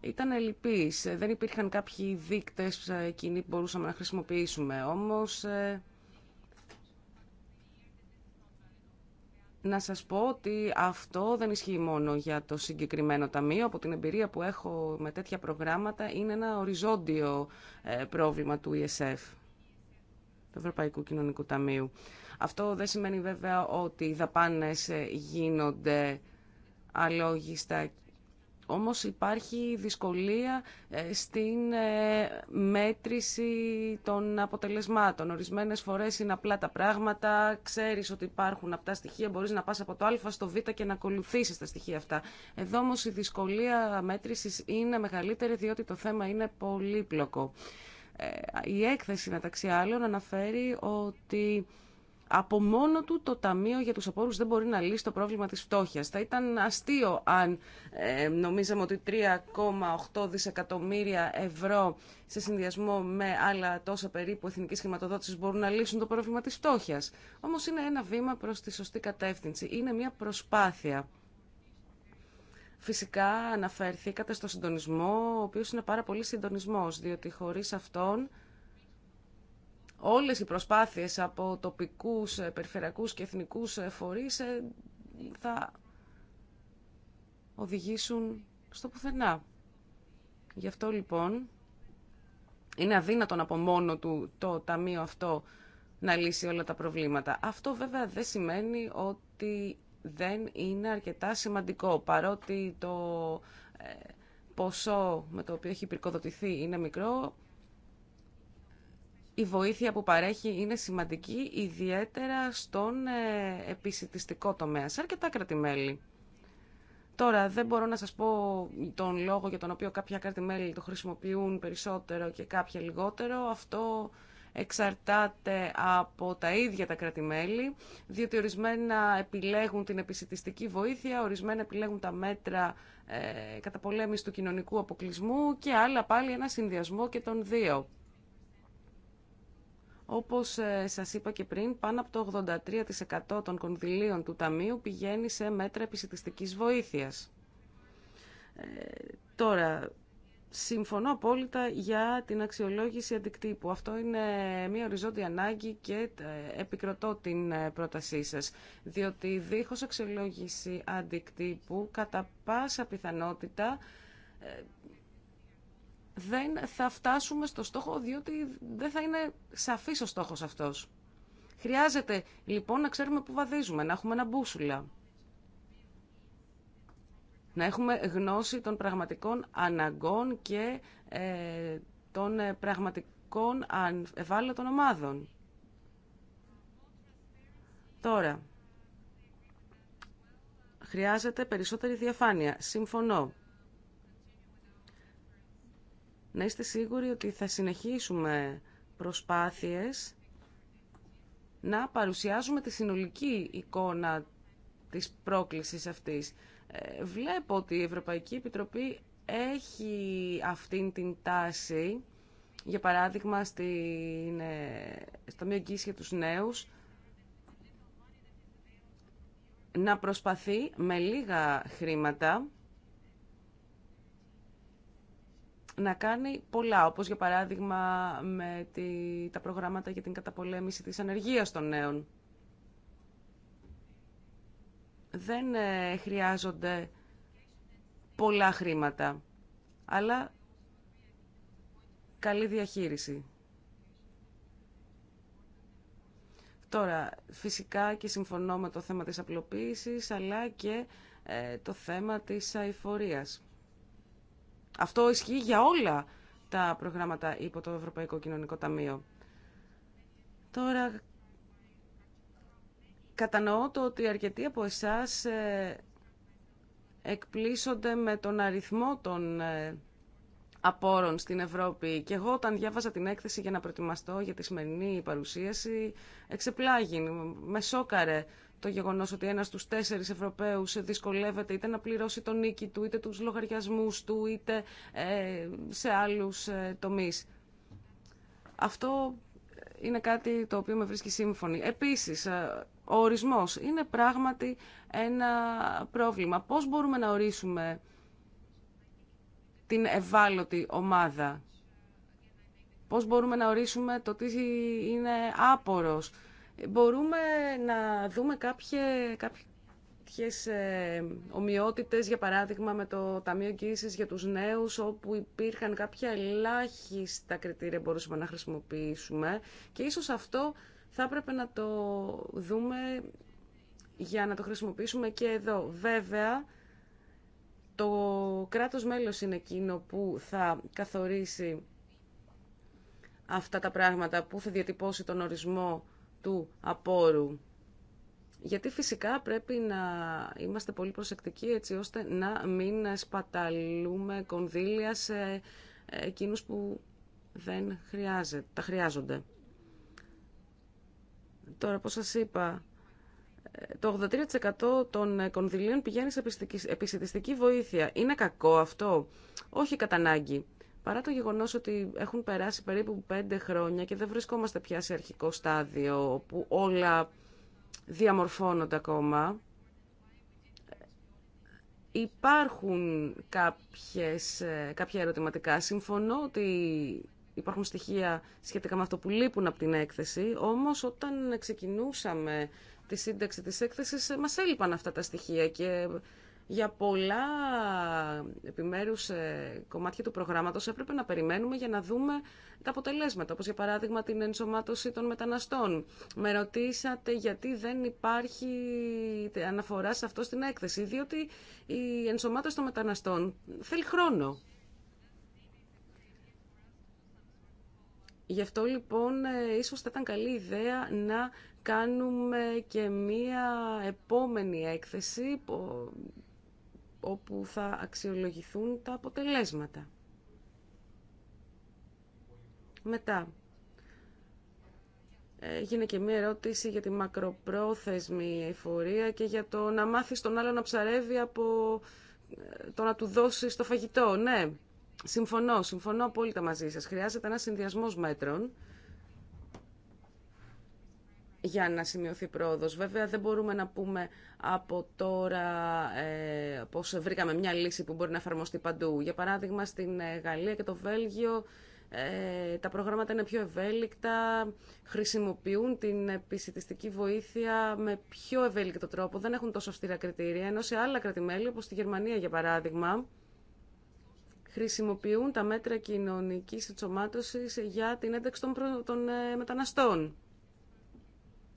ήταν ελλειπείς. Δεν υπήρχαν κάποιοι δείκτες ε, εκείνοι που μπορούσαμε να χρησιμοποιήσουμε. Όμως να σας πω ότι αυτό δεν ισχύει μόνο για το συγκεκριμένο ταμείο. Από την εμπειρία που έχω με τέτοια προγράμματα είναι ένα οριζόντιο ε, πρόβλημα του ESF, του Ευρωπαϊκού Κοινωνικού Ταμείου. Αυτό δεν σημαίνει βέβαια ότι οι δαπάνες ε, γίνονται αλόγιστα όμως υπάρχει δυσκολία ε, στην ε, μέτρηση των αποτελεσμάτων. Ορισμένες φορές είναι απλά τα πράγματα, ξέρεις ότι υπάρχουν αυτά στοιχεία, μπορείς να πας από το α στο β και να ακολουθήσεις τα στοιχεία αυτά. Εδώ όμως η δυσκολία μέτρησης είναι μεγαλύτερη διότι το θέμα είναι πολύπλοκο. Ε, η έκθεση μεταξύ άλλων αναφέρει ότι από μόνο του το Ταμείο για τους Απόρους δεν μπορεί να λύσει το πρόβλημα της φτώχειας. Θα ήταν αστείο αν ε, νομίζαμε ότι 3,8 δισεκατομμύρια ευρώ σε συνδυασμό με άλλα τόσα περίπου εθνικής χρηματοδότησης μπορούν να λύσουν το πρόβλημα της φτώχειας. Όμως είναι ένα βήμα προς τη σωστή κατεύθυνση. Είναι μια προσπάθεια. Φυσικά αναφερθήκατε στο συντονισμό, ο οποίος είναι πάρα πολύ συντονισμός, διότι χωρίς αυτόν όλες οι προσπάθειες από τοπικούς, ε, περιφερειακούς και εθνικούς ε, φορείς ε, θα οδηγήσουν στο πουθενά. Γι' αυτό λοιπόν είναι αδύνατον από μόνο του το ταμείο αυτό να λύσει όλα τα προβλήματα. Αυτό βέβαια δεν σημαίνει ότι δεν είναι αρκετά σημαντικό, παρότι το ποσό με το οποίο έχει υπηρκοδοτηθεί είναι μικρό, η βοήθεια που παρέχει είναι σημαντική, ιδιαίτερα στον ε, επισητιστικό τομέα, σε αρκετά κρατημέλη. Τώρα, δεν μπορώ να σας πω τον λόγο για τον οποίο κάποια κρατημέλη το χρησιμοποιούν περισσότερο και κάποια λιγότερο. Αυτό εξαρτάται από τα ίδια τα κρατημέλη, διότι ορισμένα επιλέγουν την επισητιστική βοήθεια, ορισμένα επιλέγουν τα μέτρα ε, καταπολέμησης του κοινωνικού αποκλεισμού και άλλα πάλι ένα συνδυασμό και των δύο. Όπως ε, σας είπα και πριν, πάνω από το 83% των κονδυλίων του Ταμείου πηγαίνει σε μέτρα επισητιστικής βοήθειας. Ε, τώρα, συμφωνώ απόλυτα για την αξιολόγηση αντικτύπου. Αυτό είναι μια οριζόντια ανάγκη και ε, επικροτώ την πρότασή σας, διότι δίχως αξιολόγηση αντικτύπου, κατά πάσα πιθανότητα, δεν θα φτάσουμε στο στόχο, διότι δεν θα είναι σαφής ο στόχος αυτός. Χρειάζεται λοιπόν να ξέρουμε που βαδίζουμε, να έχουμε ένα μπούσουλα. Να έχουμε γνώση των πραγματικών αναγκών και ε, των ε, πραγματικών ευάλωτων ομάδων. Τώρα, χρειάζεται περισσότερη διαφάνεια. Συμφωνώ να είστε σίγουροι ότι θα συνεχίσουμε προσπάθειες να παρουσιάζουμε τη συνολική εικόνα της πρόκλησης αυτής. Ε, βλέπω ότι η Ευρωπαϊκή Επιτροπή έχει αυτήν την τάση, για παράδειγμα στην, ε, στο εγγύηση για τους Νέους, να προσπαθεί με λίγα χρήματα να κάνει πολλά, όπως για παράδειγμα με τη, τα προγράμματα για την καταπολέμηση της ανεργίας των νέων. Δεν ε, χρειάζονται πολλά χρήματα, αλλά καλή διαχείριση. Τώρα, φυσικά και συμφωνώ με το θέμα της απλοποίησης, αλλά και ε, το θέμα της αηφορίας. Αυτό ισχύει για όλα τα προγράμματα υπό το Ευρωπαϊκό Κοινωνικό Ταμείο. Τώρα, κατανοώ το ότι αρκετοί από εσάς ε, εκπλήσονται με τον αριθμό των ε, απόρων στην Ευρώπη. Και εγώ όταν διάβαζα την έκθεση για να προετοιμαστώ για τη σημερινή παρουσίαση, εξεπλάγει, με σόκαρε το γεγονός ότι ένας στους τέσσερις Ευρωπαίους δυσκολεύεται είτε να πληρώσει τον νίκη του, είτε τους λογαριασμούς του, είτε ε, σε άλλους ε, τομείς. Αυτό είναι κάτι το οποίο με βρίσκει σύμφωνη. Επίσης, ε, ο ορισμός είναι πράγματι ένα πρόβλημα. Πώς μπορούμε να ορίσουμε την ευάλωτη ομάδα. Πώς μπορούμε να ορίσουμε το τι είναι άπορος, μπορούμε να δούμε κάποιες, κάποιες ομοιότητες, για παράδειγμα με το Ταμείο Εγγύησης για τους Νέους, όπου υπήρχαν κάποια ελάχιστα κριτήρια που μπορούσαμε να χρησιμοποιήσουμε και ίσως αυτό θα έπρεπε να το δούμε για να το χρησιμοποιήσουμε και εδώ. Βέβαια, το κράτος μέλος είναι εκείνο που θα καθορίσει αυτά τα πράγματα, που θα διατυπώσει τον ορισμό του απόρου. Γιατί φυσικά πρέπει να είμαστε πολύ προσεκτικοί έτσι ώστε να μην σπαταλούμε κονδύλια σε ε, εκείνους που δεν χρειάζεται, τα χρειάζονται. Τώρα, πώς σας είπα, ε, το 83% των ε, κονδυλίων πηγαίνει σε επιστημιστική βοήθεια. Είναι κακό αυτό? Όχι κατά ανάγκη. Παρά το γεγονός ότι έχουν περάσει περίπου πέντε χρόνια και δεν βρισκόμαστε πια σε αρχικό στάδιο που όλα διαμορφώνονται ακόμα, υπάρχουν κάποιες, ε, κάποια ερωτηματικά. Συμφωνώ ότι υπάρχουν στοιχεία σχετικά με αυτό που λείπουν από την έκθεση, όμως όταν ξεκινούσαμε τη σύνταξη της έκθεσης ε, μας έλειπαν αυτά τα στοιχεία και για πολλά επιμέρους ε, κομμάτια του προγράμματος έπρεπε να περιμένουμε για να δούμε τα αποτελέσματα, όπως για παράδειγμα την ενσωμάτωση των μεταναστών. Με ρωτήσατε γιατί δεν υπάρχει αναφορά σε αυτό στην έκθεση, διότι η ενσωμάτωση των μεταναστών θέλει χρόνο. Γι' αυτό λοιπόν ε, ίσως θα ήταν καλή ιδέα να κάνουμε και μία επόμενη έκθεση όπου θα αξιολογηθούν τα αποτελέσματα. Μετά, έγινε και μία ερώτηση για τη μακροπρόθεσμη εφορία και για το να μάθεις τον άλλο να ψαρεύει από ε, το να του δώσει το φαγητό. Ναι, συμφωνώ, συμφωνώ απόλυτα μαζί σας. Χρειάζεται ένα συνδυασμός μέτρων για να σημειωθεί πρόοδος. Βέβαια δεν μπορούμε να πούμε από τώρα ε, πως βρήκαμε μια λύση που μπορεί να εφαρμοστεί παντού. Για παράδειγμα στην ε, Γαλλία και το Βέλγιο ε, τα προγράμματα είναι πιο ευέλικτα, χρησιμοποιούν την επισητιστική βοήθεια με πιο ευέλικτο τρόπο, δεν έχουν τόσο αυστηρά κριτήρια, ενώ σε άλλα κρατημέλη, όπως στη Γερμανία για παράδειγμα, χρησιμοποιούν τα μέτρα κοινωνικής ενσωμάτωσης για την ένταξη των ε, μεταναστών.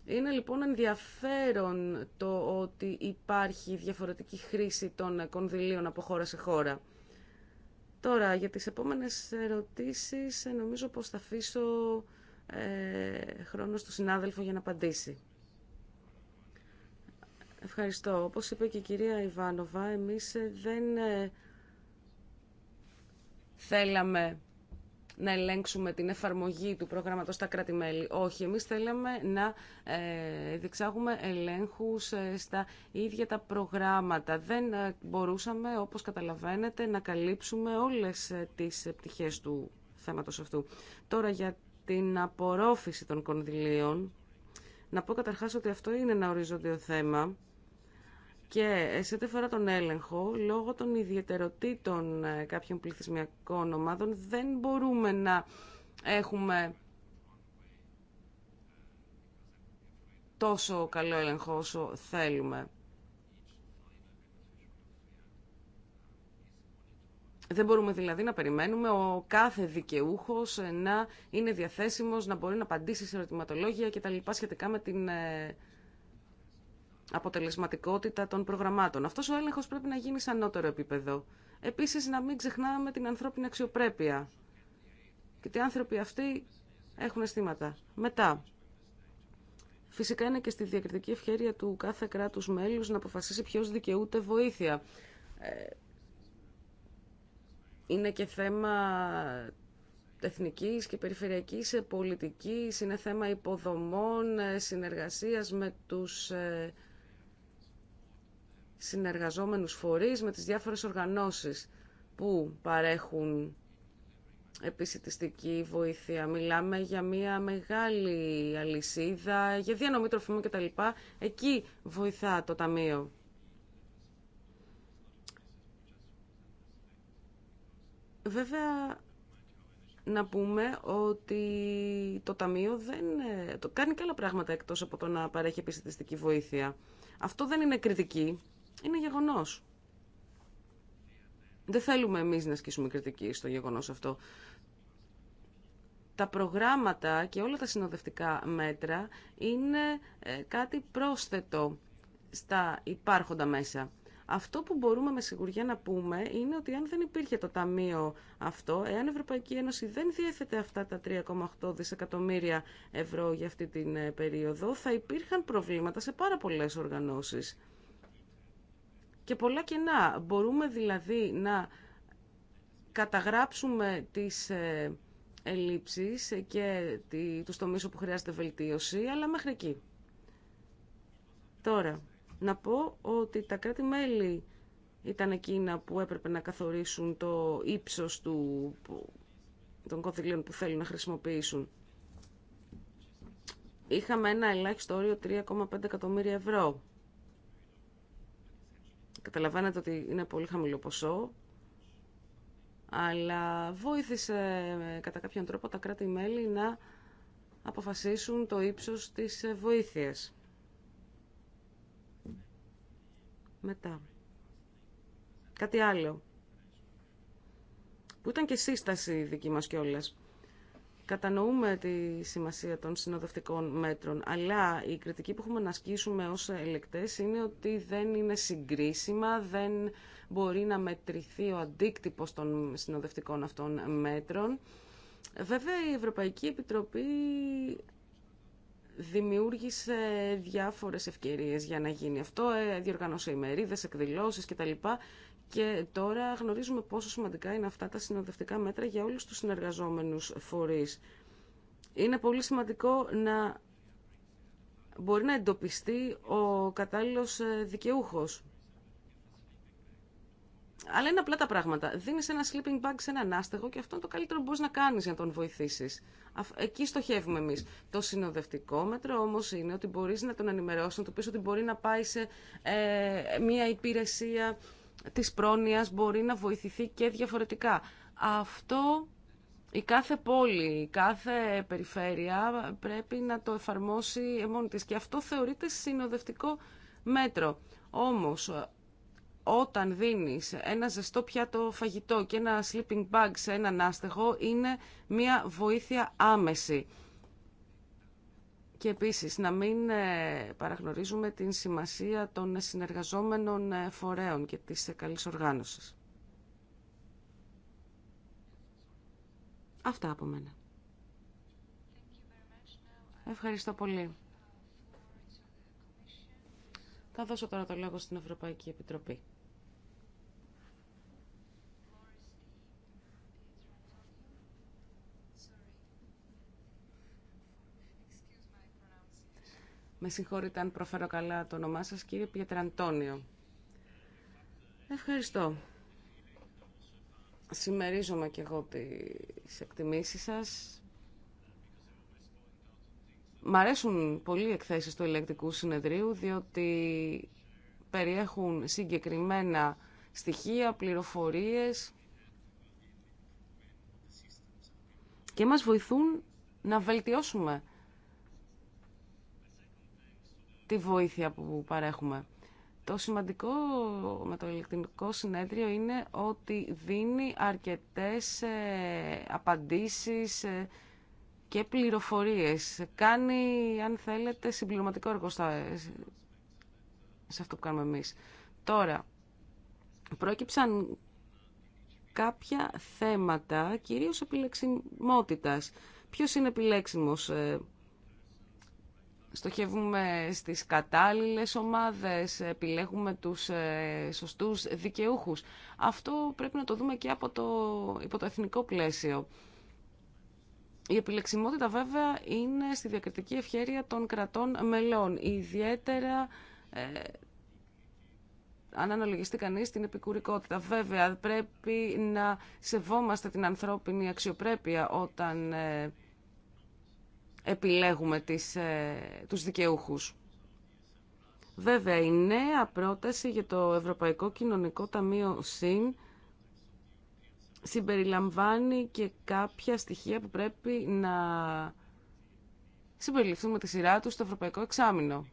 Είναι λοιπόν ενδιαφέρον το ότι υπάρχει διαφορετική χρήση των κονδυλίων από χώρα σε χώρα. Τώρα, για τις επόμενες ερωτήσεις, ε, νομίζω πως θα αφήσω ε, χρόνο στο συνάδελφο για να απαντήσει. Ευχαριστώ. Όπως είπε και η κυρία Ιβάνοβα, εμείς ε, δεν ε, θέλαμε να ελέγξουμε την εφαρμογή του προγράμματο στα κράτη-μέλη. Όχι, εμεί θέλαμε να ε, διεξάγουμε ελέγχους ε, στα ίδια τα προγράμματα. Δεν ε, μπορούσαμε, όπως καταλαβαίνετε, να καλύψουμε όλες τις πτυχέ του θέματος αυτού. Τώρα για την απορρόφηση των κονδυλίων, να πω καταρχάς ότι αυτό είναι ένα οριζόντιο θέμα και ε, σε ό,τι αφορά τον έλεγχο, λόγω των ιδιαιτεροτήτων ε, κάποιων πληθυσμιακών ομάδων, δεν μπορούμε να έχουμε τόσο καλό έλεγχο όσο θέλουμε. Δεν μπορούμε δηλαδή να περιμένουμε ο κάθε δικαιούχος ε, να είναι διαθέσιμος, να μπορεί να απαντήσει σε ερωτηματολόγια και τα λοιπά σχετικά με την αποτελεσματικότητα των προγραμμάτων. Αυτός ο έλεγχο πρέπει να γίνει σε ανώτερο επίπεδο. Επίση να μην ξεχνάμε την ανθρώπινη αξιοπρέπεια. Γιατί οι άνθρωποι αυτοί έχουν αισθήματα. Μετά, φυσικά είναι και στη διακριτική ευχέρεια του κάθε κράτους μέλους να αποφασίσει ποιο δικαιούται βοήθεια. Ε, είναι και θέμα εθνικής και περιφερειακής ε, πολιτικής, είναι θέμα υποδομών, ε, συνεργασίας με τους συνεργαζόμενους φορείς, με τις διάφορες οργανώσεις που παρέχουν επισητιστική βοήθεια. Μιλάμε για μια μεγάλη αλυσίδα, για διανομή τροφίμων κτλ. Εκεί βοηθά το Ταμείο. Βέβαια, να πούμε ότι το Ταμείο δεν, το κάνει και άλλα πράγματα εκτός από το να παρέχει επισητιστική βοήθεια. Αυτό δεν είναι κριτική είναι γεγονό. Δεν θέλουμε εμείς να ασκήσουμε κριτική στο γεγονό αυτό. Τα προγράμματα και όλα τα συνοδευτικά μέτρα είναι ε, κάτι πρόσθετο στα υπάρχοντα μέσα. Αυτό που μπορούμε με σιγουριά να πούμε είναι ότι αν δεν υπήρχε το ταμείο αυτό, εάν η Ευρωπαϊκή Ένωση δεν διέθετε αυτά τα 3,8 δισεκατομμύρια ευρώ για αυτή την ε, περίοδο, θα υπήρχαν προβλήματα σε πάρα πολλές οργανώσεις και πολλά κενά. Μπορούμε δηλαδή να καταγράψουμε τις ε, ελλείψεις και τους τομείς όπου χρειάζεται βελτίωση, αλλά μέχρι εκεί. Τώρα, να πω ότι τα κράτη-μέλη ήταν εκείνα που έπρεπε να καθορίσουν το ύψος του, των κονδυλίων που θέλουν να χρησιμοποιήσουν. Είχαμε ένα ελάχιστο όριο 3,5 εκατομμύρια ευρώ Καταλαβαίνετε ότι είναι πολύ χαμηλό ποσό, αλλά βοήθησε ε, κατά κάποιον τρόπο τα κράτη-μέλη να αποφασίσουν το ύψος της ε, βοήθειας. Μετά. Κάτι άλλο. Που ήταν και σύσταση δική μας κιόλας. Κατανοούμε τη σημασία των συνοδευτικών μέτρων, αλλά η κριτική που έχουμε να ασκήσουμε ως ελεκτές είναι ότι δεν είναι συγκρίσιμα, δεν μπορεί να μετρηθεί ο αντίκτυπος των συνοδευτικών αυτών μέτρων. Βέβαια, η Ευρωπαϊκή Επιτροπή δημιούργησε διάφορες ευκαιρίες για να γίνει αυτό, ε, διοργανώσε ημερίδες, εκδηλώσεις κτλ. Και τώρα γνωρίζουμε πόσο σημαντικά είναι αυτά τα συνοδευτικά μέτρα για όλους τους συνεργαζόμενους φορείς. Είναι πολύ σημαντικό να μπορεί να εντοπιστεί ο κατάλληλος ε, δικαιούχος. Αλλά είναι απλά τα πράγματα. Δίνεις ένα sleeping bag σε έναν άστεγο και αυτό είναι το καλύτερο που μπορεί να κάνεις για να τον βοηθήσεις. Εκεί στοχεύουμε εμείς. Το συνοδευτικό μέτρο όμως είναι ότι μπορείς να τον ενημερώσει, να του πεις ότι μπορεί να πάει σε ε, μια υπηρεσία της πρόνοιας μπορεί να βοηθηθεί και διαφορετικά. Αυτό η κάθε πόλη, η κάθε περιφέρεια πρέπει να το εφαρμόσει μόνη της και αυτό θεωρείται συνοδευτικό μέτρο. Όμως, όταν δίνεις ένα ζεστό πιάτο φαγητό και ένα sleeping bag σε έναν άστεγο είναι μια βοήθεια άμεση και επίσης να μην ε, παραγνωρίζουμε την σημασία των συνεργαζόμενων ε, φορέων και της ε, καλής οργάνωσης. Αυτά από μένα. Ευχαριστώ πολύ. Θα δώσω τώρα το λόγο στην Ευρωπαϊκή Επιτροπή. Με συγχωρείτε αν προφέρω καλά το όνομά σας, κύριε Πιετραντώνιο. Ευχαριστώ. Συμμερίζομαι και εγώ τις εκτιμήσεις σας. Μ' αρέσουν πολύ οι εκθέσεις του ελεκτικού συνεδρίου, διότι περιέχουν συγκεκριμένα στοιχεία, πληροφορίες και μας βοηθούν να βελτιώσουμε τη βοήθεια που παρέχουμε. Το σημαντικό με το ηλεκτρονικό συνέδριο είναι ότι δίνει αρκετές ε, απαντήσεις ε, και πληροφορίες. Κάνει, αν θέλετε, συμπληρωματικό εργοστάσιο σε αυτό που κάνουμε εμείς. Τώρα, πρόκειψαν κάποια θέματα, κυρίως επιλεξιμότητας. Ποιος είναι επιλέξιμος ε, στοχεύουμε στις κατάλληλες ομάδες, επιλέγουμε τους ε, σωστούς δικαιούχους. Αυτό πρέπει να το δούμε και από το, υπό το εθνικό πλαίσιο. Η επιλεξιμότητα βέβαια είναι στη διακριτική ευχέρεια των κρατών μελών, ιδιαίτερα ε, αν αναλογιστεί κανείς την επικουρικότητα. Βέβαια πρέπει να σεβόμαστε την ανθρώπινη αξιοπρέπεια όταν... Ε, επιλέγουμε τις, ε, τους δικαιούχους. Βέβαια, η νέα πρόταση για το Ευρωπαϊκό Κοινωνικό Ταμείο ΣΥΝ συμπεριλαμβάνει και κάποια στοιχεία που πρέπει να συμπεριληφθούν με τη σειρά του στο Ευρωπαϊκό Εξάμεινο.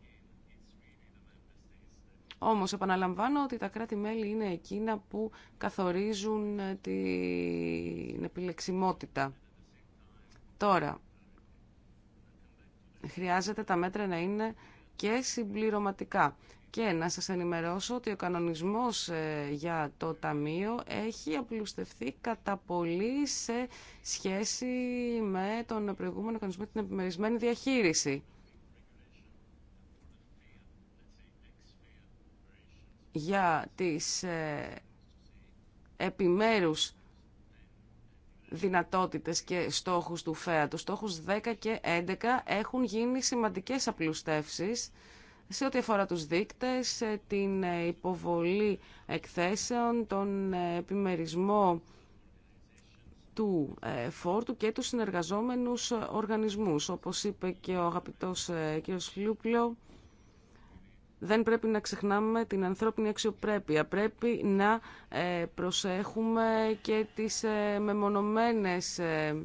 Όμως επαναλαμβάνω ότι τα κράτη-μέλη είναι εκείνα που καθορίζουν ε, την επιλεξιμότητα. Τώρα, χρειάζεται τα μέτρα να είναι και συμπληρωματικά. Και να σας ενημερώσω ότι ο κανονισμός ε, για το Ταμείο έχει απλουστευτεί κατά πολύ σε σχέση με τον προηγούμενο κανονισμό την επιμερισμένη διαχείριση. Για τις ε, επιμέρους δυνατότητες και στόχους του ΦΕΑ. Τους στόχους 10 και 11 έχουν γίνει σημαντικές απλουστεύσεις σε ό,τι αφορά τους δείκτες, την ε, υποβολή εκθέσεων, τον ε, επιμερισμό του ε, φόρτου και τους συνεργαζόμενους οργανισμούς. Όπως είπε και ο αγαπητός κ. Λούπλο, δεν πρέπει να ξεχνάμε την ανθρώπινη αξιοπρέπεια. Πρέπει να ε, προσέχουμε και τις ε, μεμονωμένες ε,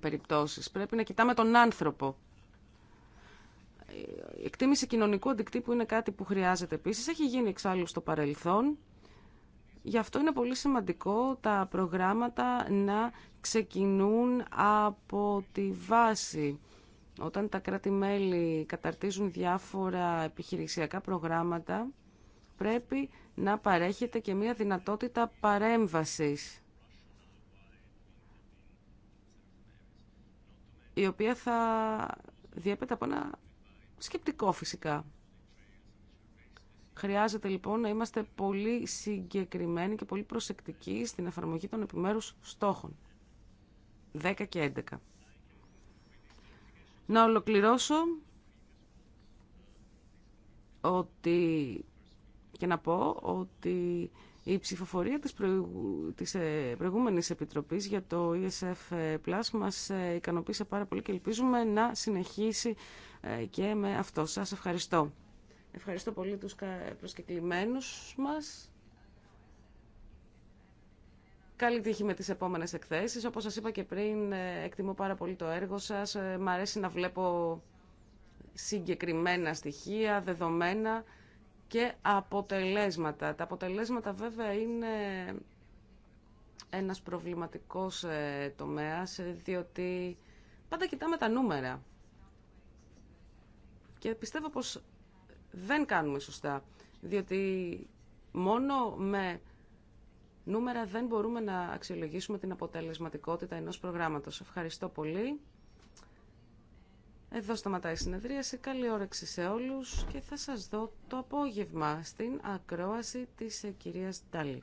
περιπτώσεις. Πρέπει να κοιτάμε τον άνθρωπο. Η εκτίμηση κοινωνικού αντικτύπου είναι κάτι που χρειάζεται επίσης. Έχει γίνει εξάλλου στο παρελθόν. Γι' αυτό είναι πολύ σημαντικό τα προγράμματα να ξεκινούν από τη βάση όταν τα κράτη-μέλη καταρτίζουν διάφορα επιχειρησιακά προγράμματα, πρέπει να παρέχεται και μια δυνατότητα παρέμβασης, η οποία θα διέπεται από ένα σκεπτικό φυσικά. Χρειάζεται λοιπόν να είμαστε πολύ συγκεκριμένοι και πολύ προσεκτικοί στην εφαρμογή των επιμέρους στόχων. 10 και 11. Να ολοκληρώσω ότι και να πω ότι η ψηφοφορία της, προηγου... της ε, προηγούμενης επιτροπής για το ESF ε, Plus μας ε, ικανοποίησε πάρα πολύ και ελπίζουμε να συνεχίσει και με αυτό. Σας ευχαριστώ. Ευχαριστώ πολύ τους προσκεκλημένους μας. Καλή τύχη με τις επόμενες εκθέσεις. Όπως σας είπα και πριν, ε, εκτιμώ πάρα πολύ το έργο σας. Ε, μ' αρέσει να βλέπω συγκεκριμένα στοιχεία, δεδομένα και αποτελέσματα. Τα αποτελέσματα βέβαια είναι ένας προβληματικός ε, τομέας, διότι πάντα κοιτάμε τα νούμερα. Και πιστεύω πως δεν κάνουμε σωστά, διότι μόνο με νούμερα δεν μπορούμε να αξιολογήσουμε την αποτελεσματικότητα ενός προγράμματος. Ευχαριστώ πολύ. Εδώ σταματάει η συνεδρίαση. Καλή όρεξη σε όλους και θα σας δω το απόγευμα στην ακρόαση της κυρίας Ντάλη.